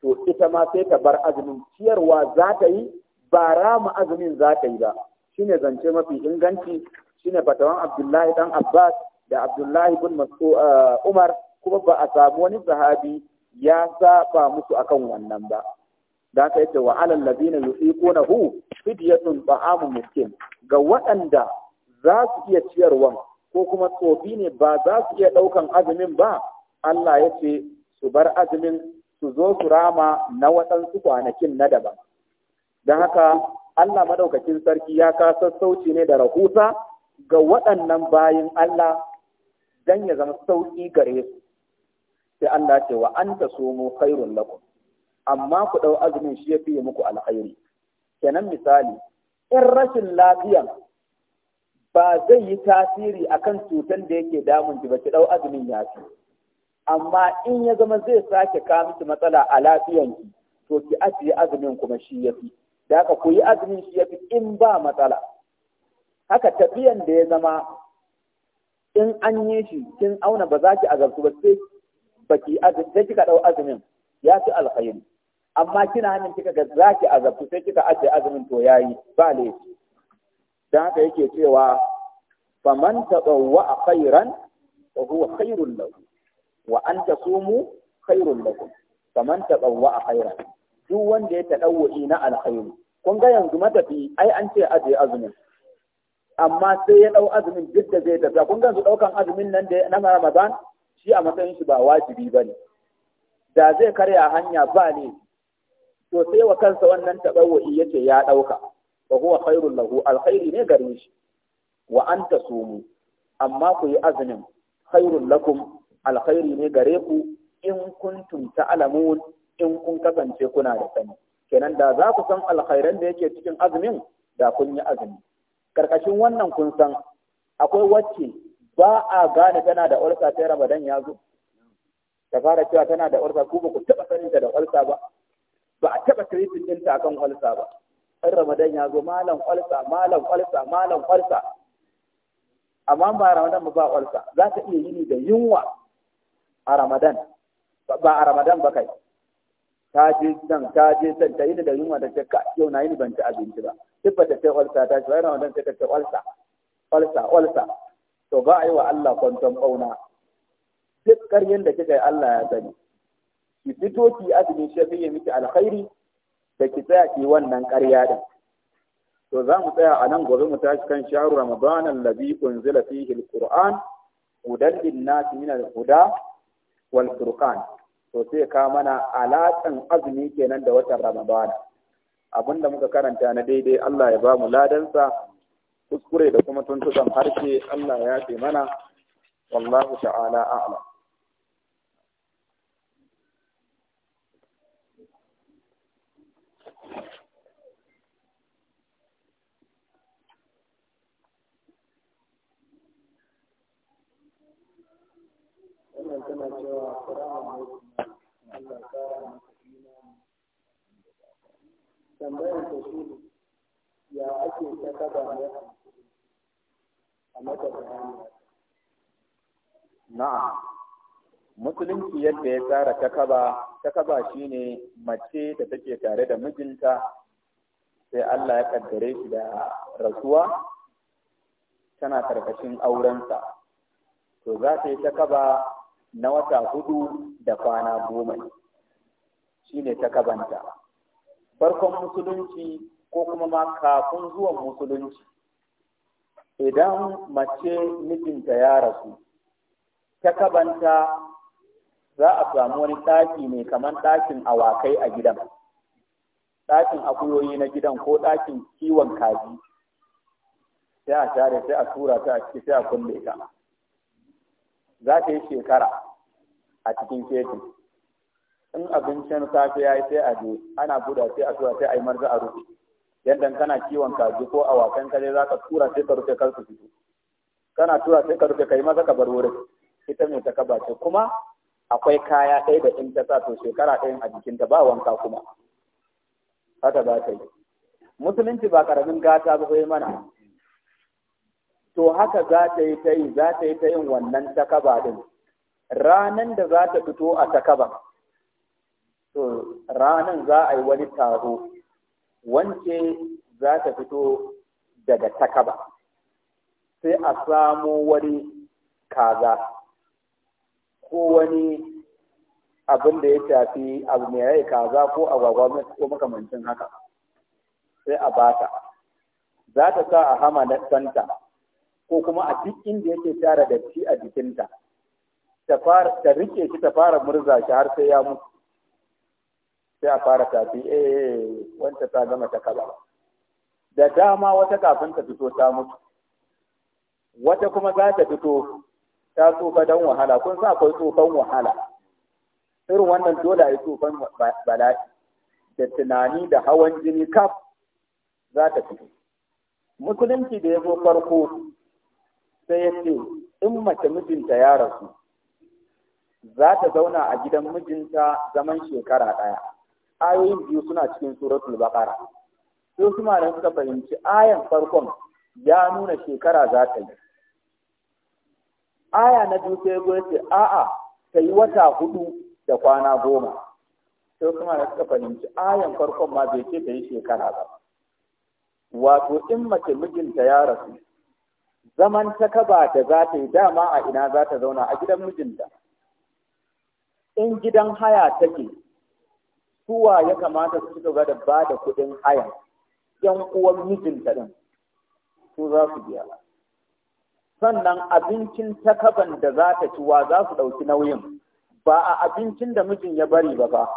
to ita ma sai ta bar azumin ciyarwa za ta yi ba rama azumin za ta yi ba Shi ne zance mafi inganci Shi ne fatawan Abdullahi Ɗan Abbas da Abdullahi bin eh, Umar kuma ba a samu wani sahabi ya saba musu akan wannan ba da aka yace wa alal ladina yusiqunahu fidiyatun ta'amu miskin ga waɗanda za su iya ciyarwa ko kuma tsofi ne ba za su iya ɗaukan azumin ba Allah ya ce su bar azumin su zo su rama na waɗansu kwanakin na daban don haka Allah madaukakin sarki ya ka sassauci ne da rahusa ga waɗannan bayin Allah don ya zama sauƙi gare su sai Allah ce wa an ta somo khairun lakum amma ku ɗau azumin shi ya fiye muku alkhairi kenan misali in rashin lafiyan ba zai yi tasiri akan cutan da yake damun ji ba ki dau azumin ya fi amma in ya zama zai sake kawo miki matsala a lafiyanki to ki ajiye azumin kuma shi ya fi da haka ku yi azumin shi ya fi in ba matsala haka tafiyan da ya zama in an yi shi kin auna ba za ki azabtu ba sai baki azumi sai kika dau azumin ya fi alkhairi amma kina hannun kika ga za ki azabtu sai kika ajiye azumin to yayi ba laifi da haka yake cewa faman tatawwa khairan wa huwa khairul lahu wa an sumu khairul lakum faman a khairan duk wanda ya tadawwi Ina alkhairu kun ga yanzu matafi ai an ce aje azumin amma sai ya dau azumin duk da zai tafi kun ga yanzu daukan azumin nan da na Ramadan shi a matsayin shi ba wajibi bane da zai karya hanya ba ne to sai wa kansa wannan tadawwi yake ya dauka fa huwa khairul lahu alkhairi ne gare shi wa an sumu amma ku yi azumin khairul lakum alkhairi ne gare ku in kuntum ta'lamun in kun kasance kuna da sani kenan da za ku san alkhairan da yake cikin azumin da kun yi azumi karkashin wannan kun san akwai wacce ba a gane tana da ulsa sai Ramadan ya zo ta fara cewa tana da ulsa ku ba ku taba sanin ta da ulsa ba ba a taba treating ɗinta akan ulsa ba in ramadan ya zo malam kwalsa malam kwalsa malam kwalsa amma ba ramadan ba kwalsa za ka iya yini da yunwa a ramadan ba a ramadan ba kai ta je nan ta je san ta yini da yunwa da shakka yau na yini ban ci abinci ba duk ba ta sai kwalsa ta ci ramadan sai ta ce kwalsa kwalsa kwalsa to ba a yi wa Allah kwanton ƙauna duk ƙaryen da kika yi Allah ya sani ki fito ki azumin shafi ya miki alkhairi da ki tsaya ki wannan ƙarya din to za mu tsaya a nan gobe mu tashi kan shahru ramadan allazi unzila fihi alquran hudan linnas min alhuda wal furqan to sai ka mana alaƙan azumi kenan da watan ramadan abinda muka karanta na daidai Allah ya ba mu ladansa kuskure da kuma tuntukan harshe Allah ya ce mana wallahu ta'ala a'lam wannan cewa ya ta shi ake ta kaba ne a mata musulunci yadda ya tsara takaba takaba shine mace da take tare da mijinta sai Allah ya kaddare shi da rasuwa tana karkashin aurensa to za ta yi takaba na wata hudu da kwana goma ne shi ne ta kabanta farkon musulunci ko kuma ma kafin zuwan musulunci idan mace mijinta ya rasu ta kabanta za a samu wani ɗaki ne kamar ɗakin awakai a gidan ɗakin akuyoyi na gidan ko ɗakin kiwon kaji sai a share, sai a tura ta a ciki sai a kulle ta za ta yi shekara a cikin keji in abincin safe ya yi sai a je ana buda sai a tura sai a yi marza a rufe yadda kana kiwon kaji ko awakan kare za ka tura sai ka rufe kar fito kana tura sai ka rufe kai maza ka bar wurin ita mai ta kaba ce kuma akwai kaya ɗaya da in ta sa to shekara ɗayan a jikinta ba wanka kuma haka za ta yi musulunci ba karamin gata ba sai mana to haka za ta yi ta yi za ta yi ta yin wannan takaba din ranan da za ta fito a takaba to ranan za a yi wani taro wance za ta fito daga takaba sai a samo wani kaza ko wani abin da ya shafi abu mai rai kaza ko agwagwa ko makamancin haka sai a bata za ta sa a hama na santa ko kuma a duk inda yake tara shi a jikinta ta rike shi ta fara murza shi har sai ya mutu sai a fara tafi eh wanta ta gama ta kaba da dama wata kafin ta fito ta mutu wata kuma za ta fito ta tsufa don wahala kun sa akwai tsufan wahala irin wannan dole a yi tsufan bala'i da tunani da hawan jini kaf za ta fito musulunci da ya zo farko sai ya ce in mace mijinta ya rasu za ta zauna a gidan mijinta zaman shekara ɗaya ayoyin biyu suna cikin suratul baqara sai su malam suka fahimci ayan farkon ya nuna shekara za ta yi aya na biyu sai ya ce a'a ta yi wata hudu da kwana goma sai su da suka fahimci ayan farkon ma bai ce ta yi shekara ba wato in mace mijinta ya rasu zaman ta kaba da za ta yi dama a ina za ta zauna a gidan mijinta in gidan haya take suwa ya kamata su shiga da ba da kuɗin haya yan uwan mijinta ɗin su za su biya sannan abincin takaban da za ta ci za su ɗauki nauyin ba a abincin da mijin ya bari ba ba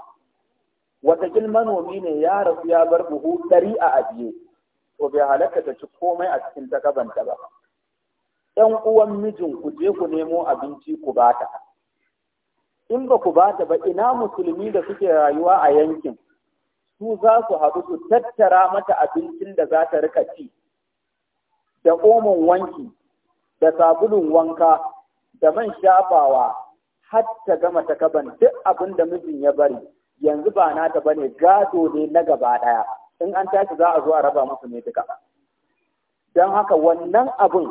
watakil manomi ne ya rasu ya bar buhu ɗari a ajiye ko bai halatta ta ci komai a cikin takabanta ba ‘yan uwan mijin ku je ku nemo abinci ku ba ta. In ba ku ba ta ba ina musulmi da suke rayuwa a yankin, su za su haɗu su tattara mata abincin da za ta rika ci, da omon wanki, da sabulun wanka, da man shafawa, har ta gama ta kaban duk abin da mijin ya bari, yanzu ba na ta bane gado ne na gaba ɗaya. In an tashi za a zo a raba musu ne duka. Don haka wannan abin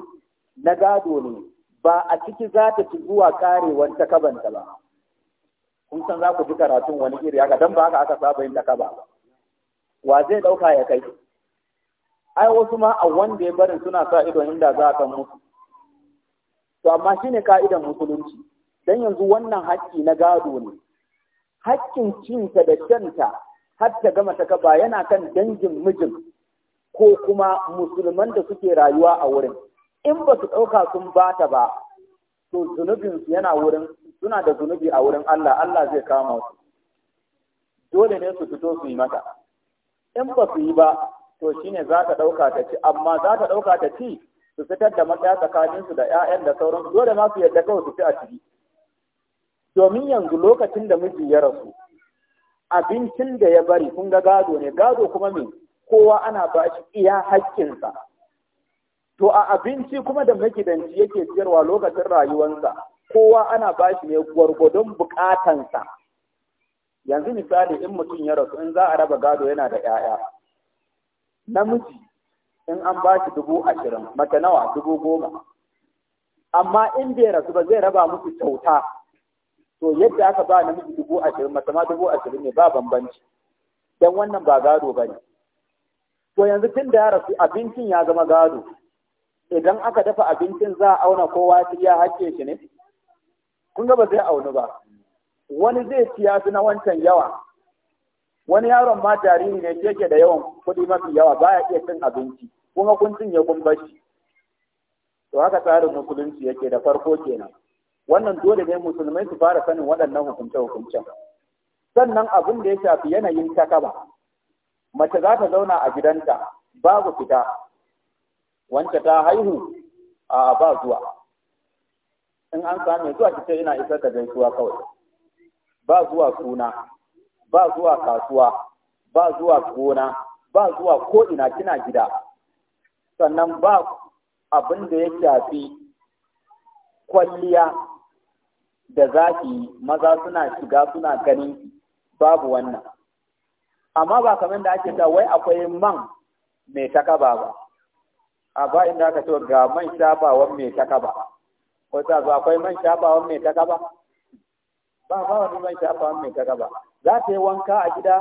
na gado ne ba a ciki za ta ci zuwa karewar takabanta ba kun san za ku ji karatun wani iri haka don ba haka aka saba yin takaba ba wa zai ɗauka ya kai ai wasu ma a wanda ya barin suna sa ido inda za ka mutu. to amma shine ka'idan musulunci don yanzu wannan haƙƙi na gado ne haƙƙin cinta da shanta har ta gama takaba yana kan dangin mijin ko kuma musulman da suke rayuwa a wurin in ba su ɗauka sun bata ba to zunubinsu yana wurin suna da zunubi a wurin Allah Allah zai kama su dole ne su fito su yi mata in ba su yi ba to shine za ta ɗauka ta ci amma za ta ɗauka ta ci su fitar da matsaya tsakaninsu da 'ya'yan da sauran dole ma su yadda kawai su fi a ciki domin yanzu lokacin da miji ya rasu abincin da ya bari kun ga gado ne gado kuma me kowa ana ba shi iya haƙƙinsa to a abinci kuma da makidanci yake ciyarwa lokacin rayuwarsa kowa ana ba shi ne gwargwadon bukatansa yanzu misali in mutum ya rasu in za a raba gado yana da 'ya'ya namiji in an ba shi dubu ashirin mace nawa dubu goma amma in bai rasu ba zai raba musu kyauta to yadda aka ba namiji dubu ashirin mace ma dubu ashirin ne ba bambanci don wannan ba gado ba ne to yanzu tun da ya rasu abincin ya zama gado idan aka dafa abincin za a auna kowa ya hake shi ne kun ga ba zai auni ba wani zai ci su na wancan yawa wani yaron ma jariri ne ke da yawan kuɗi mafi yawa ba ya iya cin abinci kuma kun cinye kun bashi to haka tsarin musulunci yake da farko kenan wannan dole ne musulmai su fara sanin waɗannan hukunce hukuncen sannan abin da ya shafi yanayin takaba mace za ta zauna a gidanta babu fita wanda ta haihu a ba zuwa in an same zuwa ki ce ina isar da gaisuwa kawai ba zuwa suna ba zuwa kasuwa ba zuwa gona ba zuwa ko ina kina gida sannan ba abin da ya shafi kwalliya da zaki maza suna shiga suna ganin babu wannan amma ba kamar da ake ta wai akwai man mai takaba ba a ba da aka so ga man shafawan mai ba, ko ta zo akwai man shafawan mai taka ba ba wani man shafawan mai ba. za ta yi wanka a gida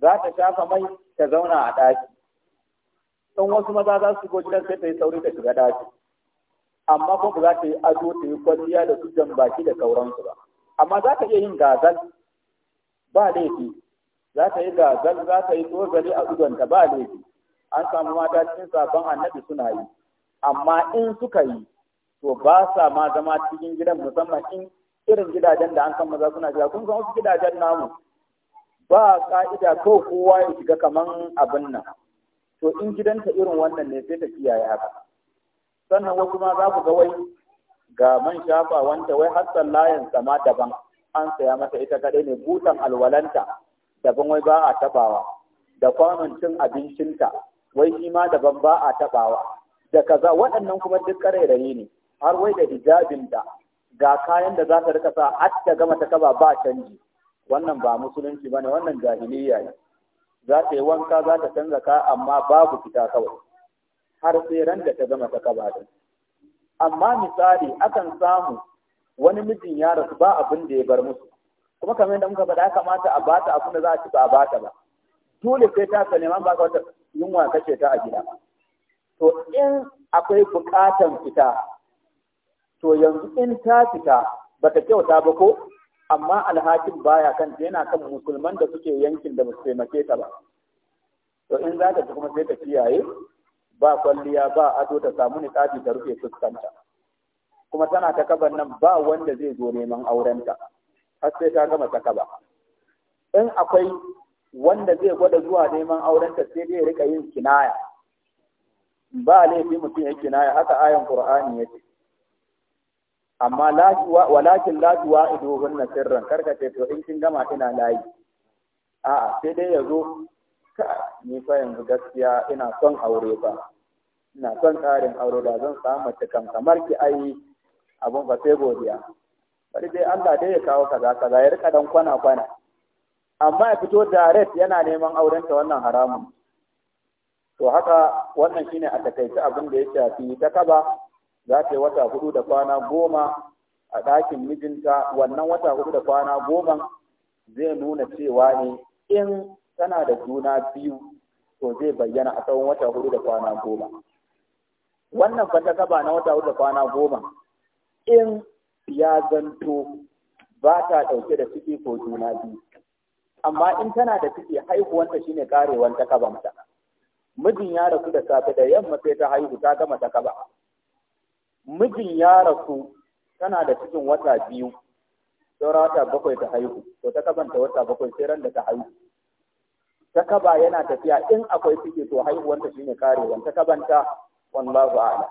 za ta shafa mai ta zauna a ɗaki Ɗan wasu maza za su go gidan sai ta yi sauri ta shiga ɗaki amma kuma ba za ta yi azo ta yi kwalliya da su baki da sauransu ba amma za ta iya yin gazal ba laifi za ta yi gazal za ta yi tozali a udonta ba laifi an samu mata cikin sabon annabi suna yi amma in suka yi to ba sa ma zama cikin gidan musamman in irin gidajen da an san maza suna shiga kun san wasu gidajen namu ba ka'ida ko kowa ya shiga kaman abin nan to in gidanta irin wannan ne sai ta kiyaye haka sannan wasu ma za ku ga wai ga man shafa wanda wai har sallayan sama daban an saya mata ita kadai ne butan alwalanta daban wai ba a tabawa da kwanon cin abincinta wai shi ma daban ba a taɓawa. da kaza waɗannan kuma duk karairayi ne har wai da hijabin da ga kayan da za ta rika sa har ta gama ta kaba ba canji wannan ba musulunci ba ne, wannan jahiliya ne za ta yi wanka za ta canza ka amma babu fita kawai har sai ran da ta gama ta kaba ta amma misali akan samu wani mijin ya rasu ba abin da ya bar musu kuma kamar yadda muka faɗa kamata a bata abin da za a ci ba a bata ba dole sai ta ka neman ba wata yunwa kashe ta a gida to in akwai buƙatan fita to yanzu in ta fita ba ta kyauta ba ko amma alhakin baya kan yana kan musulman da suke yankin da musu taimake ta ba to in za ta kuma sai ta kiyaye ba kwalliya ba ado ta samu niqabi ta rufe fuskanta kuma tana ta kaban nan ba wanda zai zo neman aurenta har sai ta gama ta kaba in akwai wanda zai gwada zuwa neman aurenta sai dai rika yin kinaya ba laifi mutum ya kinaya haka ayan qur'ani yake amma walakin la tuwa idohunna sirran karkace to in kin gama ina layi a'a sai dai yazo ka ni fa yanzu gaskiya ina son aure ba ina son tsarin aure da zan samu mace kan kamar ki ai abun ba sai godiya bari dai Allah dai ya kawo kaza kaza ya rika dan kwana kwana amma ya fito direct yana neman aurenta wannan haramun to haka wannan shine a takaice abin da ya shafi ta kaba za ta yi wata hudu da kwana goma a ɗakin mijinta wannan wata hudu da kwana goma zai nuna cewa ne in tana da juna biyu to zai bayyana a tsawon wata hudu da kwana goma wannan fata kaba na wata hudu da kwana goma in ya zanto ba ta ɗauke da ciki ko juna biyu amma in tana da ciki haihuwanta shine karewan ta mata mijin ya rasu da safe da yamma sai ta haihu ta gama ta kaba mijin ya rasu tana da cikin wata biyu saura wata bakwai ta haihu to ta kabanta wata bakwai sai ran da ta haihu ta kaba yana tafiya in akwai ciki to haihuwanta shine karewan ta ta wallahu a'lam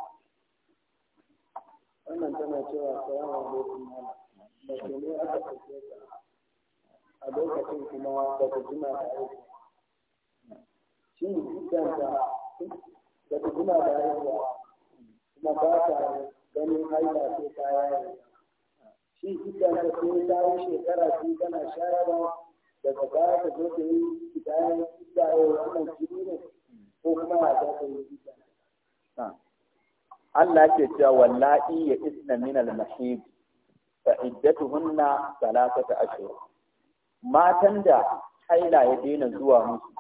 wannan tana cewa salamu alaikum malam da ne aka ɗauke ta a lokacin kuma ba ta jima da aiki shi kanta ba ta jima da haihuwa kuma ba ta ganin haila ko ta yaye shi kanta sai ta yi shekara biyu tana shayarwa daga baya ta zo ta yi idan ta yi wannan jini ne ko kuma za ta yi Allah ke cewa wallahi ya isna min al-mahib fa iddatuhunna salasata ashhur matan da haila ya daina zuwa musu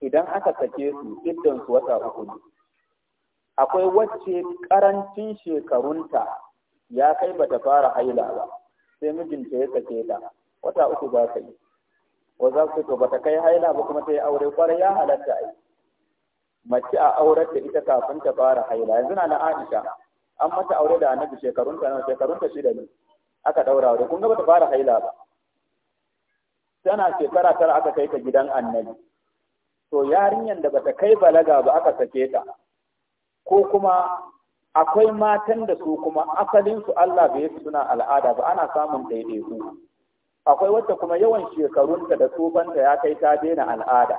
idan aka sake su iddan su wata uku ne akwai wacce karancin shekarunta ya kai bata fara haila ba sai mijinta ya sake ta wata uku za ka yi ko za ku to bata kai haila ba kuma ta yi aure kwarai ya halatta ai mace a aurar da ita kafin ta fara haila yanzu na Aisha an mata aure da annabi shekarunta nawa shekarunta shida ne aka daura aure kun ga bata fara haila ba tana shekara tara aka kai ta gidan annabi to yarinyar da bata kai balaga ba aka sake ta ko kuma akwai matan da su kuma asalin su Allah bai su suna al'ada ba ana samun daidaiku akwai wacce kuma yawan shekarunta da tsofanta ya kai ta daina al'ada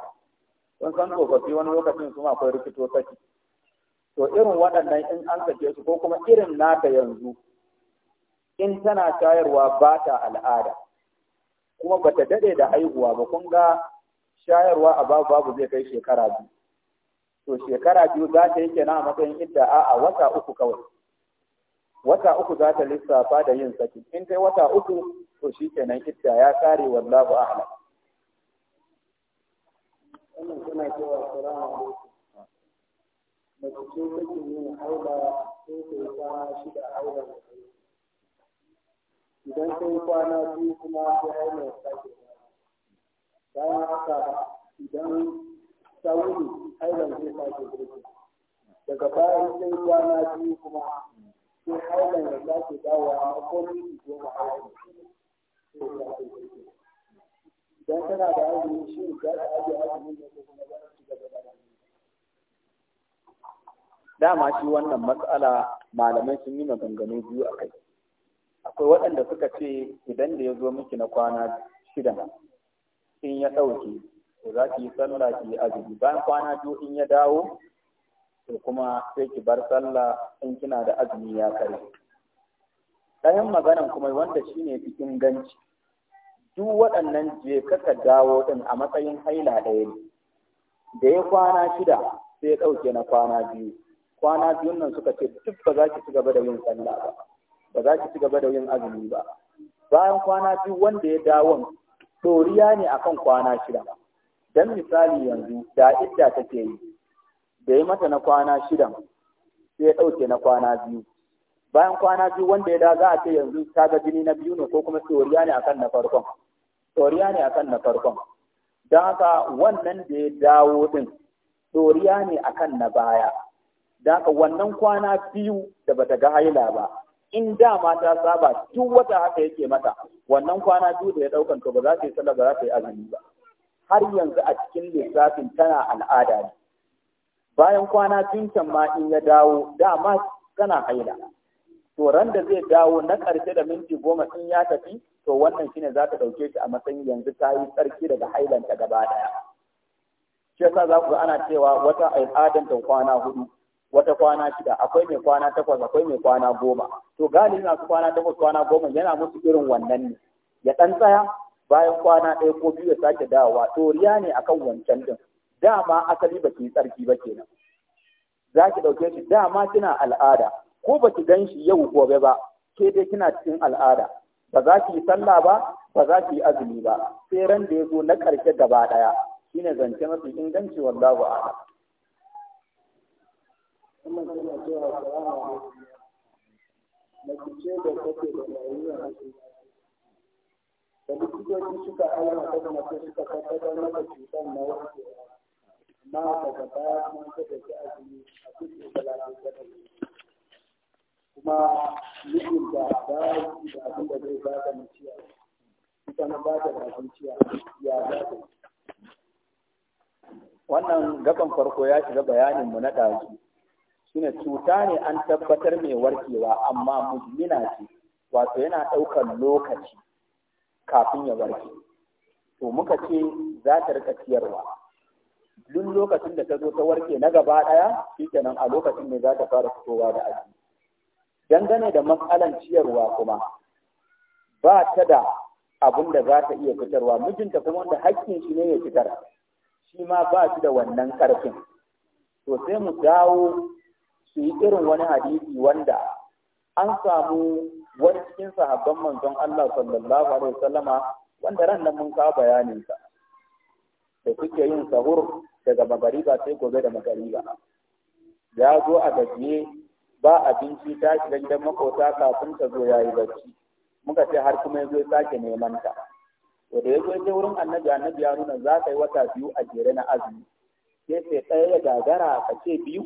kun san tsofaffi wani lokacin kuma akwai rikito saki to irin waɗannan in an sake su ko kuma irin naka yanzu in tana shayarwa ba ta al'ada kuma bata dade da haihuwa ba kun ga shayarwa a babu babu zai kai shekara biyu to shekara biyu za ta yi kenan a matsayin idda a wata uku kawai wata uku za ta lissafa da yin saki in kai wata uku to shi kenan idda ya kare wallahu a'lam wannan suna cewa salamu alaikum mace ce take yin haila sai ta yi kwana shida haila idan sai kwana biyu kuma sai aina ya sake bayan haka idan sauri aina zai sake birki daga bayan sai kwana biyu kuma sai haina ya sake dawa a makonin goma aina idan tana da azumi shi za ta ajiye azumi ne ko kuma za ka ci gaba da dama shi wannan matsala malamai sun yi maganganu biyu a kai akwai waɗanda suka ce idan da ya zo miki na kwana shida in ya ɗauke to za ki yi sallah ki yi azumi bayan kwana biyu in ya dawo to kuma sai ki bar sallah in kina da azumi ya kare ɗayan maganan kuma wanda shi ne ganci. ganci duk waɗannan je kaka dawo ɗin a matsayin haila ɗaya ne da ya kwana shida sai ya ɗauke na kwana biyu kwana biyun nan suka ce duk ba za ki ci gaba da yin sallah ba ba za ki ci gaba da yin azumi ba bayan kwana biyu wanda ya dawon ɗoriya ne akan kwana shida dan misali yanzu da idda take yi da yi mata na kwana shida sai ya ɗauke na kwana biyu bayan kwana biyu wanda ya da za a ce yanzu ta ga jini na biyu ne ko kuma tsoriya ne akan na farkon Tsoriya ne akan na farkon don haka wannan da ya dawo din, tsoriya ne akan na baya don haka wannan kwana biyu da bata ga haila ba in dama ta saba duk wata haka yake mata wannan kwana biyu da ya daukan to ba za ta yi sallah ba za ta yi azumi ba har yanzu a cikin lissafin tana al'ada ne bayan kwana biyun can ma in ya dawo dama tana haila to ran da zai dawo na ƙarshe da minti goma in ya tafi to wannan shine za ta ɗauke shi a matsayin yanzu ta yi tsarki daga hailanta gaba ɗaya shi yasa za ku ana cewa wata al'adan kwana hudu wata kwana shida akwai mai kwana takwas akwai mai kwana goma to galibin masu kwana takwas kwana goma yana musu irin wannan ne ya ɗan tsaya bayan kwana ɗaya ko biyu ya sake dawowa to riya ne akan wancan din dama asali ba ki tsarki ba kenan za ki ɗauke shi dama kina al'ada ko ba ki gan shi yau gobe ba ke dai kina cikin al'ada ba za ki yi sallah ba ba za ki yi azumi ba sai ran da ya zo na ƙarshe gaba ɗaya shine zance mafi inganci wallahu a'lam wannan tana cewa salamu mace da kake da rayuwa da likitoci suka ayyana ta mace suka tabbatar cutar na wasu amma daga baya kuma azumi a cikin talatin ta kuma mijin da ba da abin da zai bada ita na bada ya wannan gaban farko ya shiga bayanin mu na ɗazu shine cuta ne an tabbatar mai warkewa amma mujmina ce wato yana ɗaukar lokaci kafin ya warke to muka ce za ta rika ciyarwa duk lokacin da ta zo ta warke na gaba ɗaya shikenan a lokacin ne za ta fara fitowa da aji dangane da matsalan ciyarwa kuma ba ta da abin da za ta iya fitarwa mijinta kuma wanda hakkin shi ne ya fitar shi ma ba shi da wannan karfin to sai mu dawo su yi irin wani hadisi wanda an samu wani cikin sahabban manzon Allah sallallahu alaihi wasallama wanda ran nan mun kawo bayanin sa da suke yin sahur daga magariba sai gobe da magariba ya zo a gajiye ba abinci ta shiga gidan makota kafin ta zo yayi bacci muka ce har kuma yazo sake neman ta to da yazo ya wurin annabi annabi ya nuna za ka yi wata biyu a jere na azumi sai sai ɗaya da gagara ka ce biyu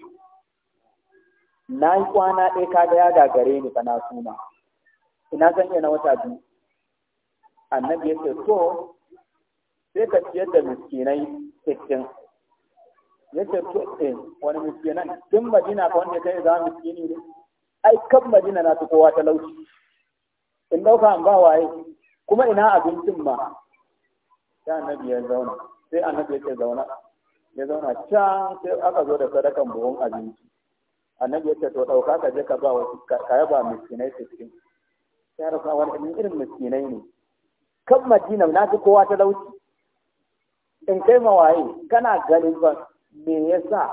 na yi kwana ɗaya ka ga ya gagare ni kana na ina zan iya na wata biyu annabi ya ce to sai ka ciyar da miskinai sittin ya ce to eh, wani miskinan tun madina ka wanda kai za miskini ne ai kan madina na fi ta talauci in ɗauka an ba waye kuma ina abincin ma sai annabi ya zauna sai annabi ya ce zauna ya zauna can sai aka zo da sadakan buhun abinci annabi yace to dauka ka je ka ba wa ka yaba miskinai sittin ya rasa wani irin miskinai ne kan madina na fi kowa ta dauki in kai ma waye kana ganin ba me yasa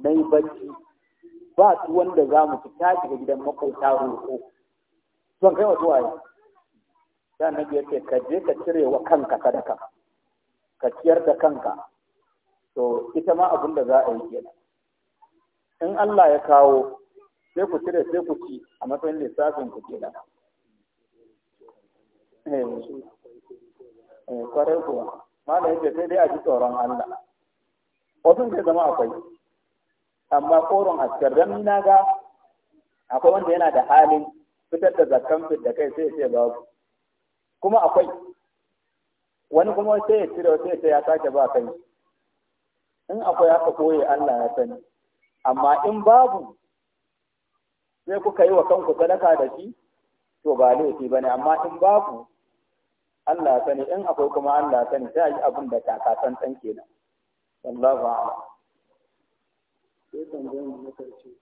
na yi bacci ba su wanda za mu fita daga gidan makwauta roƙo don kai wasu waye sannan ya yace ka je ka cire wa kanka sadaka ka ciyar da kanka to ita ma abin za a yi kenan in Allah ya kawo sai ku cire sai ku ci a matsayin lissafin ku ke nan. Eh, eh, kwarai kuwa, mala yake sai dai a ji tsoron Allah. Wasu zai zama akwai, amma koron askar don na ga akwai wanda yana da halin fitar da zakkan fit da kai sai sai ku. Kuma akwai, wani kuma sai ya cire sai ya sake ba kai. In akwai haka koye Allah ya sani. amma in babu sai kuka yi wa kanku sadaka da shi to ba laifi bane amma in babu Allah sani in akwai kuma Allah sani sai yi abin da ta kasan san kenan wallahu a'lam sai tambayar mu ina cewa shi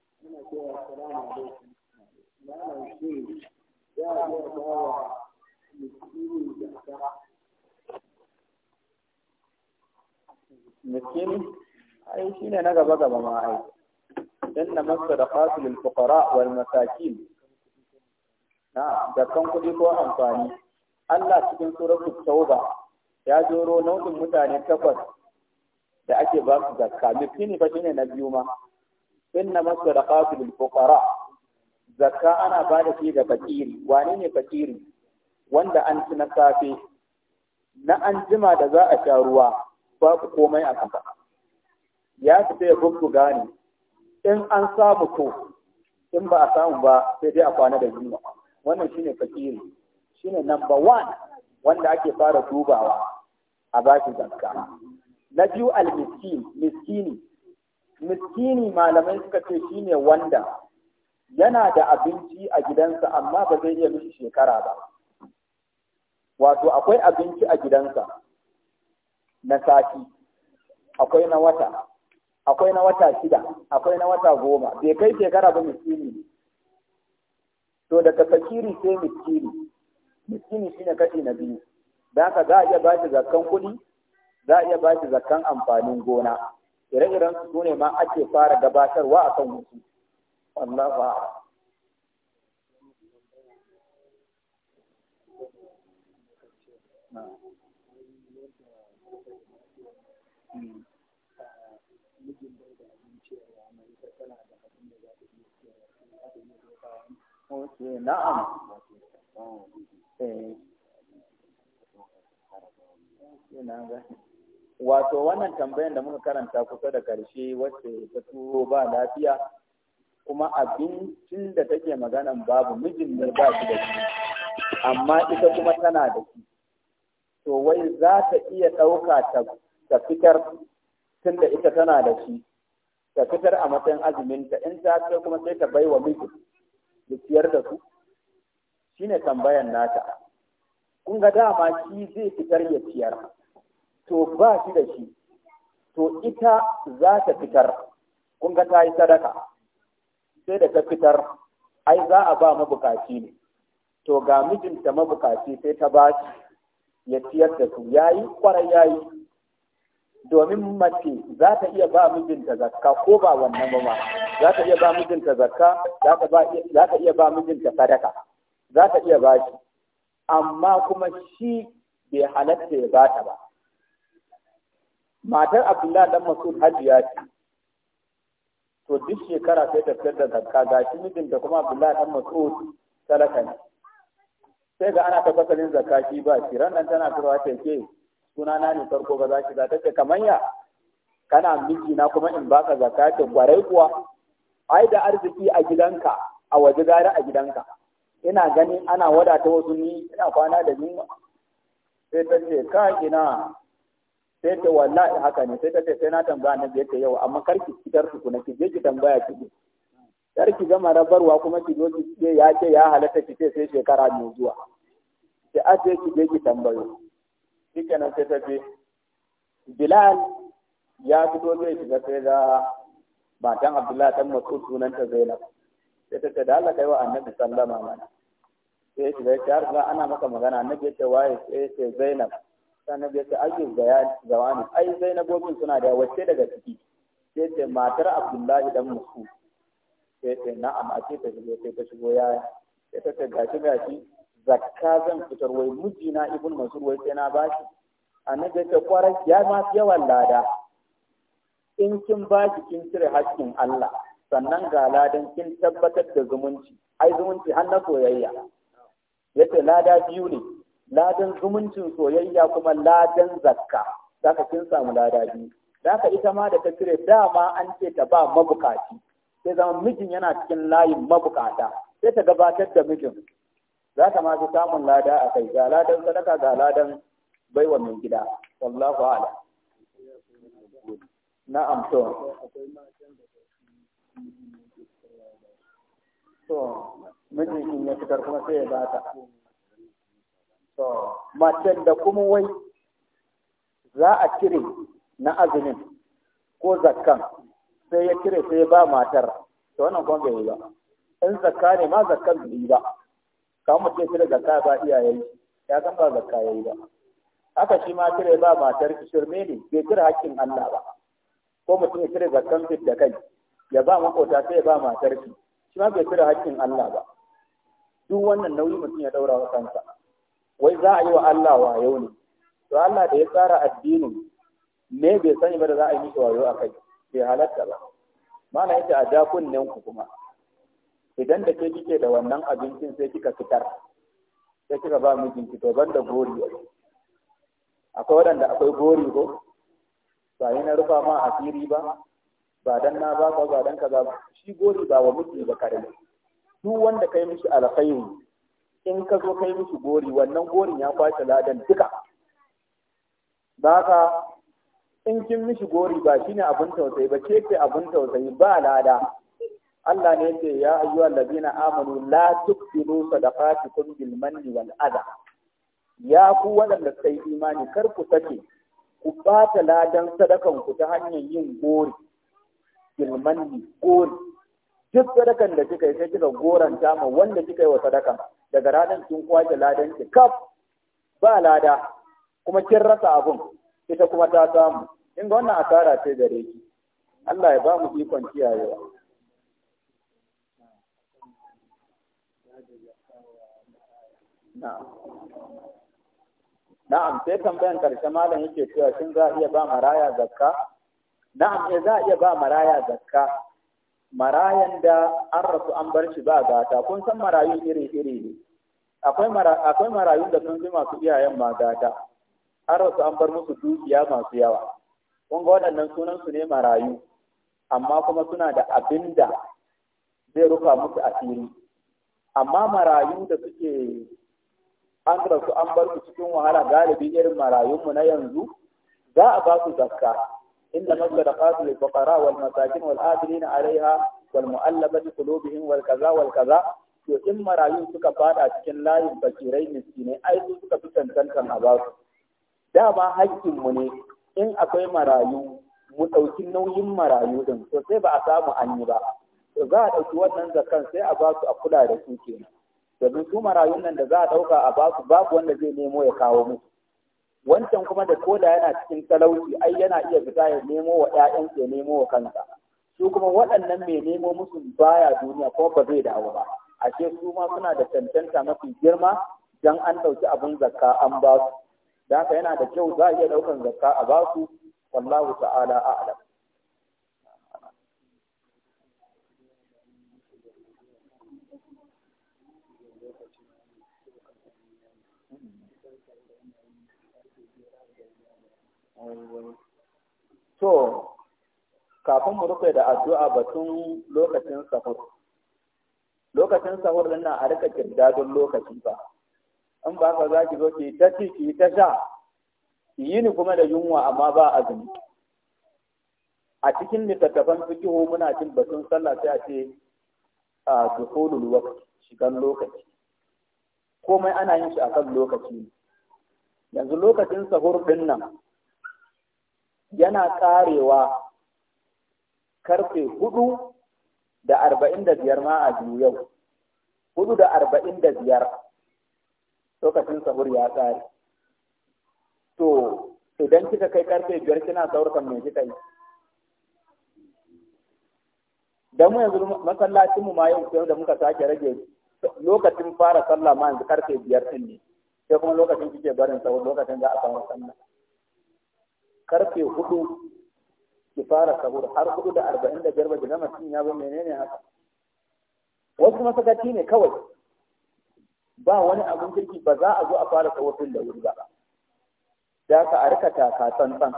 ya ya na gaba gaba ma إنما الصدقات للفقراء والمساكين نعم ده كان كدي ko amfani. Allah cikin suratul Tauba ya joro nau'in mutane takwas da ake ba su zakka mifini ba shine na biyu ma inna masadaqatu lil fuqara zakka ana ba da shi ga fakiri wane ne fakiri wanda an ci na safe na an jima da za a sha ruwa babu komai a kasa ya fita ya bubbuga gani in an samu ko in ba a samu ba sai dai a kwana da yunwa wannan shine fakiri shine number one wanda ake fara dubawa a bashi zakka na biyu miskin miskini miskini malamai suka ce shine wanda yana da abinci a gidansa amma ba zai iya mishi shekara ba wato akwai abinci a gidansa na sati akwai na wata akwai na wata shida akwai na wata goma bai kai shekara ba miskini to daga fakiri sai miskini miskini shine kashi na biyu da haka za a iya ba shi zakkan kuɗi za a iya ba shi zakkan amfanin gona ire-iren su ne ma ake fara gabatarwa a kan wuce wallafa Mm. Eh. Wato wannan tambayan da muka karanta kusa da ƙarshe wacce ta turo ba lafiya kuma abincin da take maganan babu mijin ne ba shi da shi amma ita kuma tana da shi. To wai za ta iya ɗauka ta fitar tun da ita tana da shi ta fitar a matsayin azuminta in ta kai kuma sai ta bai wa mijin Da ciyar da su shine tambayan nata kun ga dama shi zai fitar ya ciyar to ba shi da shi to ita za ta fitar kun ga ta yi sadaka sai da ta fitar ai za a ba mabukaci ne to ga mijinta mabukaci sai ta ba shi ya ciyar da su yayi kwarai yayi domin mace za ta iya ba mijinta zakka ko ba wannan ba ma za ta iya ba mijinta zakka za ta iya ba mijinta sadaka za ta iya ba shi amma kuma shi bai halatta ya ba ta ba matar abdullahi dan masud hajiya ce to duk shekara sai ta fitar da zakka ga shi mijinta kuma abdullahi dan masud sadaka ne sai ga ana ta zakka shi ba shi ran nan tana turawa ta ke sunana ne farko ba za ki za ta ce kamanya kana miji na kuma in baka zakatin kwarai kuwa ai da arziki a gidanka a waje gari a gidanka ina gani ana wadata wasu ni ina kwana da ni sai ta ce ka ina sai ta wallahi haka ne sai ta ce sai na tambaya na biyar ta yau amma kar ki fitar su kuna ki je ki tambaya ki je kar ki gama rabarwa kuma ki zo ki ce ya ce ya halatta ki ce sai shekara mai zuwa ki aje ki je ki tambayo duka na sai ta tafi. bilal ya fito zai shiga sai da matan abdullahi dan masu sunanta zainab sai ta ce da Allah kai wa annabi sallama mana sai ya shiga ya ga ana maka magana annabi ya ce waye sai ya ce zainab annabi ya ce ayyuz zawani ai gobin suna da wacce daga ciki sai ce matar abdullahi dan musu sai ce na'am a ce ta shigo sai ta shigo ya sai ta ce gashi gashi zakka zan fitar wai mijina ibn masud wai sai na bashi annabi ya ce kwarai ya ma yawan lada in kin bashi kin cire haƙƙin Allah sannan ga ladan kin tabbatar da zumunci ai zumunci har na soyayya yace lada biyu ne ladan zumuncin soyayya kuma ladan zakka zaka kin samu lada biyu zaka ita ma da ta cire dama an ce ta ba mabukaci sai zama mijin yana cikin layin mabukata sai ta gabatar da mijin za ka ma fi samun lada a kai ga ladan sadaka ga ladan baiwa mai gida wallahu ala na amso so mijin in ya fitar kuma sai ya ba ta so macen da kuma wai za a cire na azumin ko zakkan sai ya cire sai ya ba matar to wannan kuma bai yi ba in zakka ne ma zakkan bai yi ba kawo mutum cire zakka ba iyayen ya san ba zakka ya yi ba haka shi ma cire ba matar shirme ne bai cire hakkin Allah ba ko mutum ya cire zakkan fit da kai ya ba makota sai ya ba matar shi shi ma bai cire hakkin Allah ba duk wannan nauyi mutum ya daura wa kansa wai za a yi wa Allah wayo ne to Allah da ya tsara addinin me bai sani ba da za a yi mishi wayo a kai bai halatta ba mana yace a da kunnen ku kuma idan da ke kike da wannan abincin sai kika fitar sai kika ba mijinki to banda gori akwai waɗanda akwai gori ko ba yi na rufa ma asiri ba ba dan na ba ka ba dan ka ba shi gori ba wa miji ba kare duk wanda kai mishi alkhairi in ka zo kai mishi gori wannan gorin ya kwace ladan duka ba ka in kin mishi gori ba shine abun tausayi ba ke ce abun tausayi ba lada Allah ne ce ya ayyuwa allazina amanu la da sadaqatikum bil manni wal adha ya ku waɗanda sai imani kar ku sake ku bata ladan sadakan ku ta hanyar yin gori bil gori duk sadakan da kika yi sai kika goranta ma wanda kika yi wa sadaka. daga ranar kin kwace ladan ki kaf ba lada kuma kin rasa abun ita kuma ta samu in ga wannan asara ce gare ki Allah ya ba mu ikon kiyayewa na'am sai tambayan karshe malam yake cewa shi za a iya ba maraya zakka na'am eh za a iya ba maraya zakka marayan da an rasu an bar shi ba gata kun san marayu iri-iri ne akwai marayu da sun fi masu iyayen ma gata an rasu an bar musu dukiya masu yawa kun ga waɗannan sunan su ne marayu amma kuma suna da abinda zai rufa musu asiri amma marayu da suke an rasu an bar ku cikin wahala galibi irin marayunmu na yanzu za a ba su zakka inda masadaqatu lil fuqara wal masakin wal amilina alaiha wal mu'allafati qulubihim wal kaza wal kaza to in marayun suka fada cikin layin fakirai miskinai ai su suka fi cancantan a ba su dama mu ne in akwai marayu mu ɗauki nauyin marayu din to sai ba a samu an yi ba to za a ɗauki wannan zakan sai a ba su a kula da su kenan domin su marayun nan da za a ɗauka a basu babu wanda zai nemo ya kawo musu wancan kuma da koda yana cikin talauci ai yana iya fita ya nemo wa ƴaƴan ya nemo wa kansa su kuma waɗannan mai nemo musu baya duniya ko ba zai dawo ba ashe su ma suna da cancanta mafi girma don an ɗauki abin zakka an basu. su da yana da kyau za a iya ɗaukan zakka a basu. su wallahu ta'ala a'lam To, kafin mu rufe da addu'a batun lokacin sahur. Lokacin sahur din nan a rika don lokaci ba. In ba ka za ki zo ki ta ci ki ta sha, ki yi ni kuma da yunwa amma ba azumi. A cikin littattafan fikihu muna cin batun sallah sai a ce a dukulul waqti shigan lokaci. Komai ana yin shi a kan lokaci ne. Yanzu lokacin sahur din nan yana karewa karfe hudu da arba'in da biyar ma a biyu yau hudu da arba'in da biyar lokacin sahur ya kare to idan kika kai karfe biyar kina kan me kika yi dan mu yanzu masallacin mu ma yau sai da muka sake rage lokacin fara sallah ma yanzu karfe biyar din ne sai kuma lokacin kike barin sahur lokacin za a samu sallah karfe hudu ki fara sahur har hudu da arba'in da biyar ba ya ba menene haka wasu masakaci ne kawai ba wani abin kirki ba za a zo a fara sahur da wuri ba da ka a rika taka tsantsan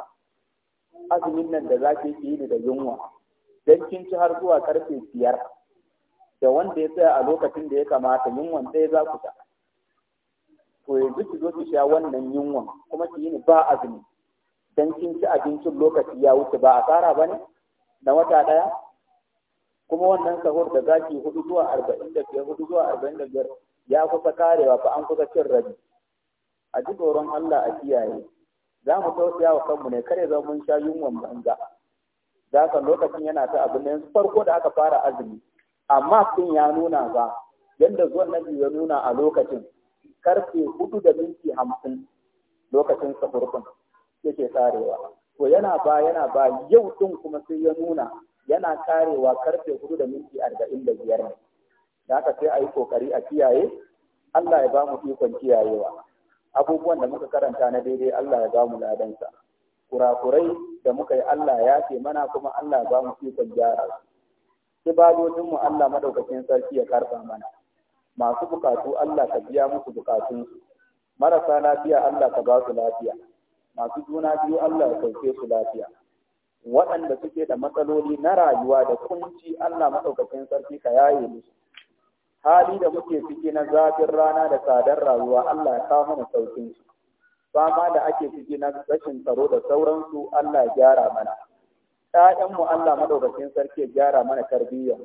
azumin nan da za ke yi da yunwa don kin ci har zuwa karfe biyar da wanda ya tsaya a lokacin da ya kamata yunwan ɗaya za ku ta to yanzu ki zo ki sha wannan yunwan kuma ki yi ni ba azumin. don kin ci abincin lokaci ya wuce ba a tsara ba ne na wata ɗaya kuma wannan sahur da za ki hudu zuwa arba'in da biyar hudu zuwa arba'in da biyar ya kusa karewa fa an kusa cin rabi a ji tsoron Allah a kiyaye za mu tausaya wa kanmu ne kare za mun sha yunwan banza za ka lokacin yana ta abin yanzu farko da aka fara azumi amma sun ya nuna ba yadda zuwan nabi ya nuna a lokacin karfe hudu da minti hamsin lokacin sahur yake karewa to yana ba yana ba yau din kuma sai ya nuna yana karewa karfe hudu da minti arba'in da biyar ne da haka sai a yi kokari a kiyaye Allah ya ba mu ikon kiyayewa abubuwan da muka karanta na daidai Allah ya ba mu ladansa kurakurai da muka yi Allah ya ce mana kuma Allah ya ba mu ikon gyara su mu Allah madaukakin sarki ya karba mana masu bukatu Allah ka biya musu bukatunsu marasa lafiya Allah ka ba su lafiya masu juna biyu Allah ya sauke su lafiya waɗanda suke da matsaloli na rayuwa da kunci Allah maɗaukakin sarki ka yaye musu hali da muke ciki na zafin rana da tsadar rayuwa Allah ya kawo mana saukin su fama da ake ciki na rashin tsaro da sauransu Allah ya gyara mana ‘ya'yanmu Allah maɗaukakin sarki ya gyara mana tarbiyyar.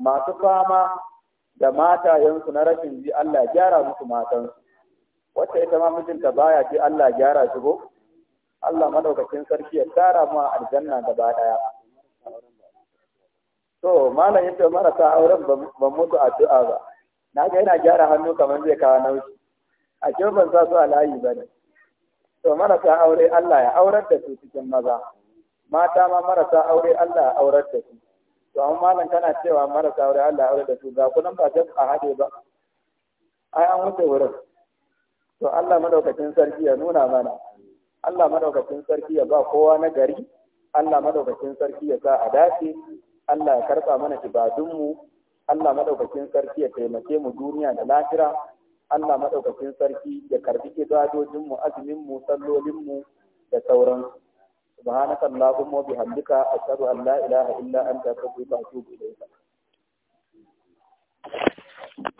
masu fama da matayensu na rashin ji Allah ya gyara musu matansu wacce ita ma mijinta baya ce Allah gyara shi ko Allah madaukakin sarki ya tara mu aljanna gaba daya to malam yace marasa auren ban mutu addu'a ba na ga yana gyara hannu kamar zai kawo nauyi a ce ban sa su a layi ba ne to marasa aure Allah ya aurar da su cikin maza mata ma marasa aure Allah ya aurar da su to amma malam kana cewa marasa aure Allah ya aurar da su ga kunan ba duk a hade ba ai an wuce wurin to Allah madaukakin sarki ya nuna mana Allah madaukakin sarki ya ba kowa na gari Allah madaukakin sarki ya sa a dace Allah ya karba mana mu Allah madaukakin sarki ya taimake mu duniya da lafira Allah madaukakin sarki ya karbi mu azumin mu sallolin mu da sauran سبحانك اللهم وبحمدك أشهد أن لا إله إلا أنت أستغفرك وأتوب إليك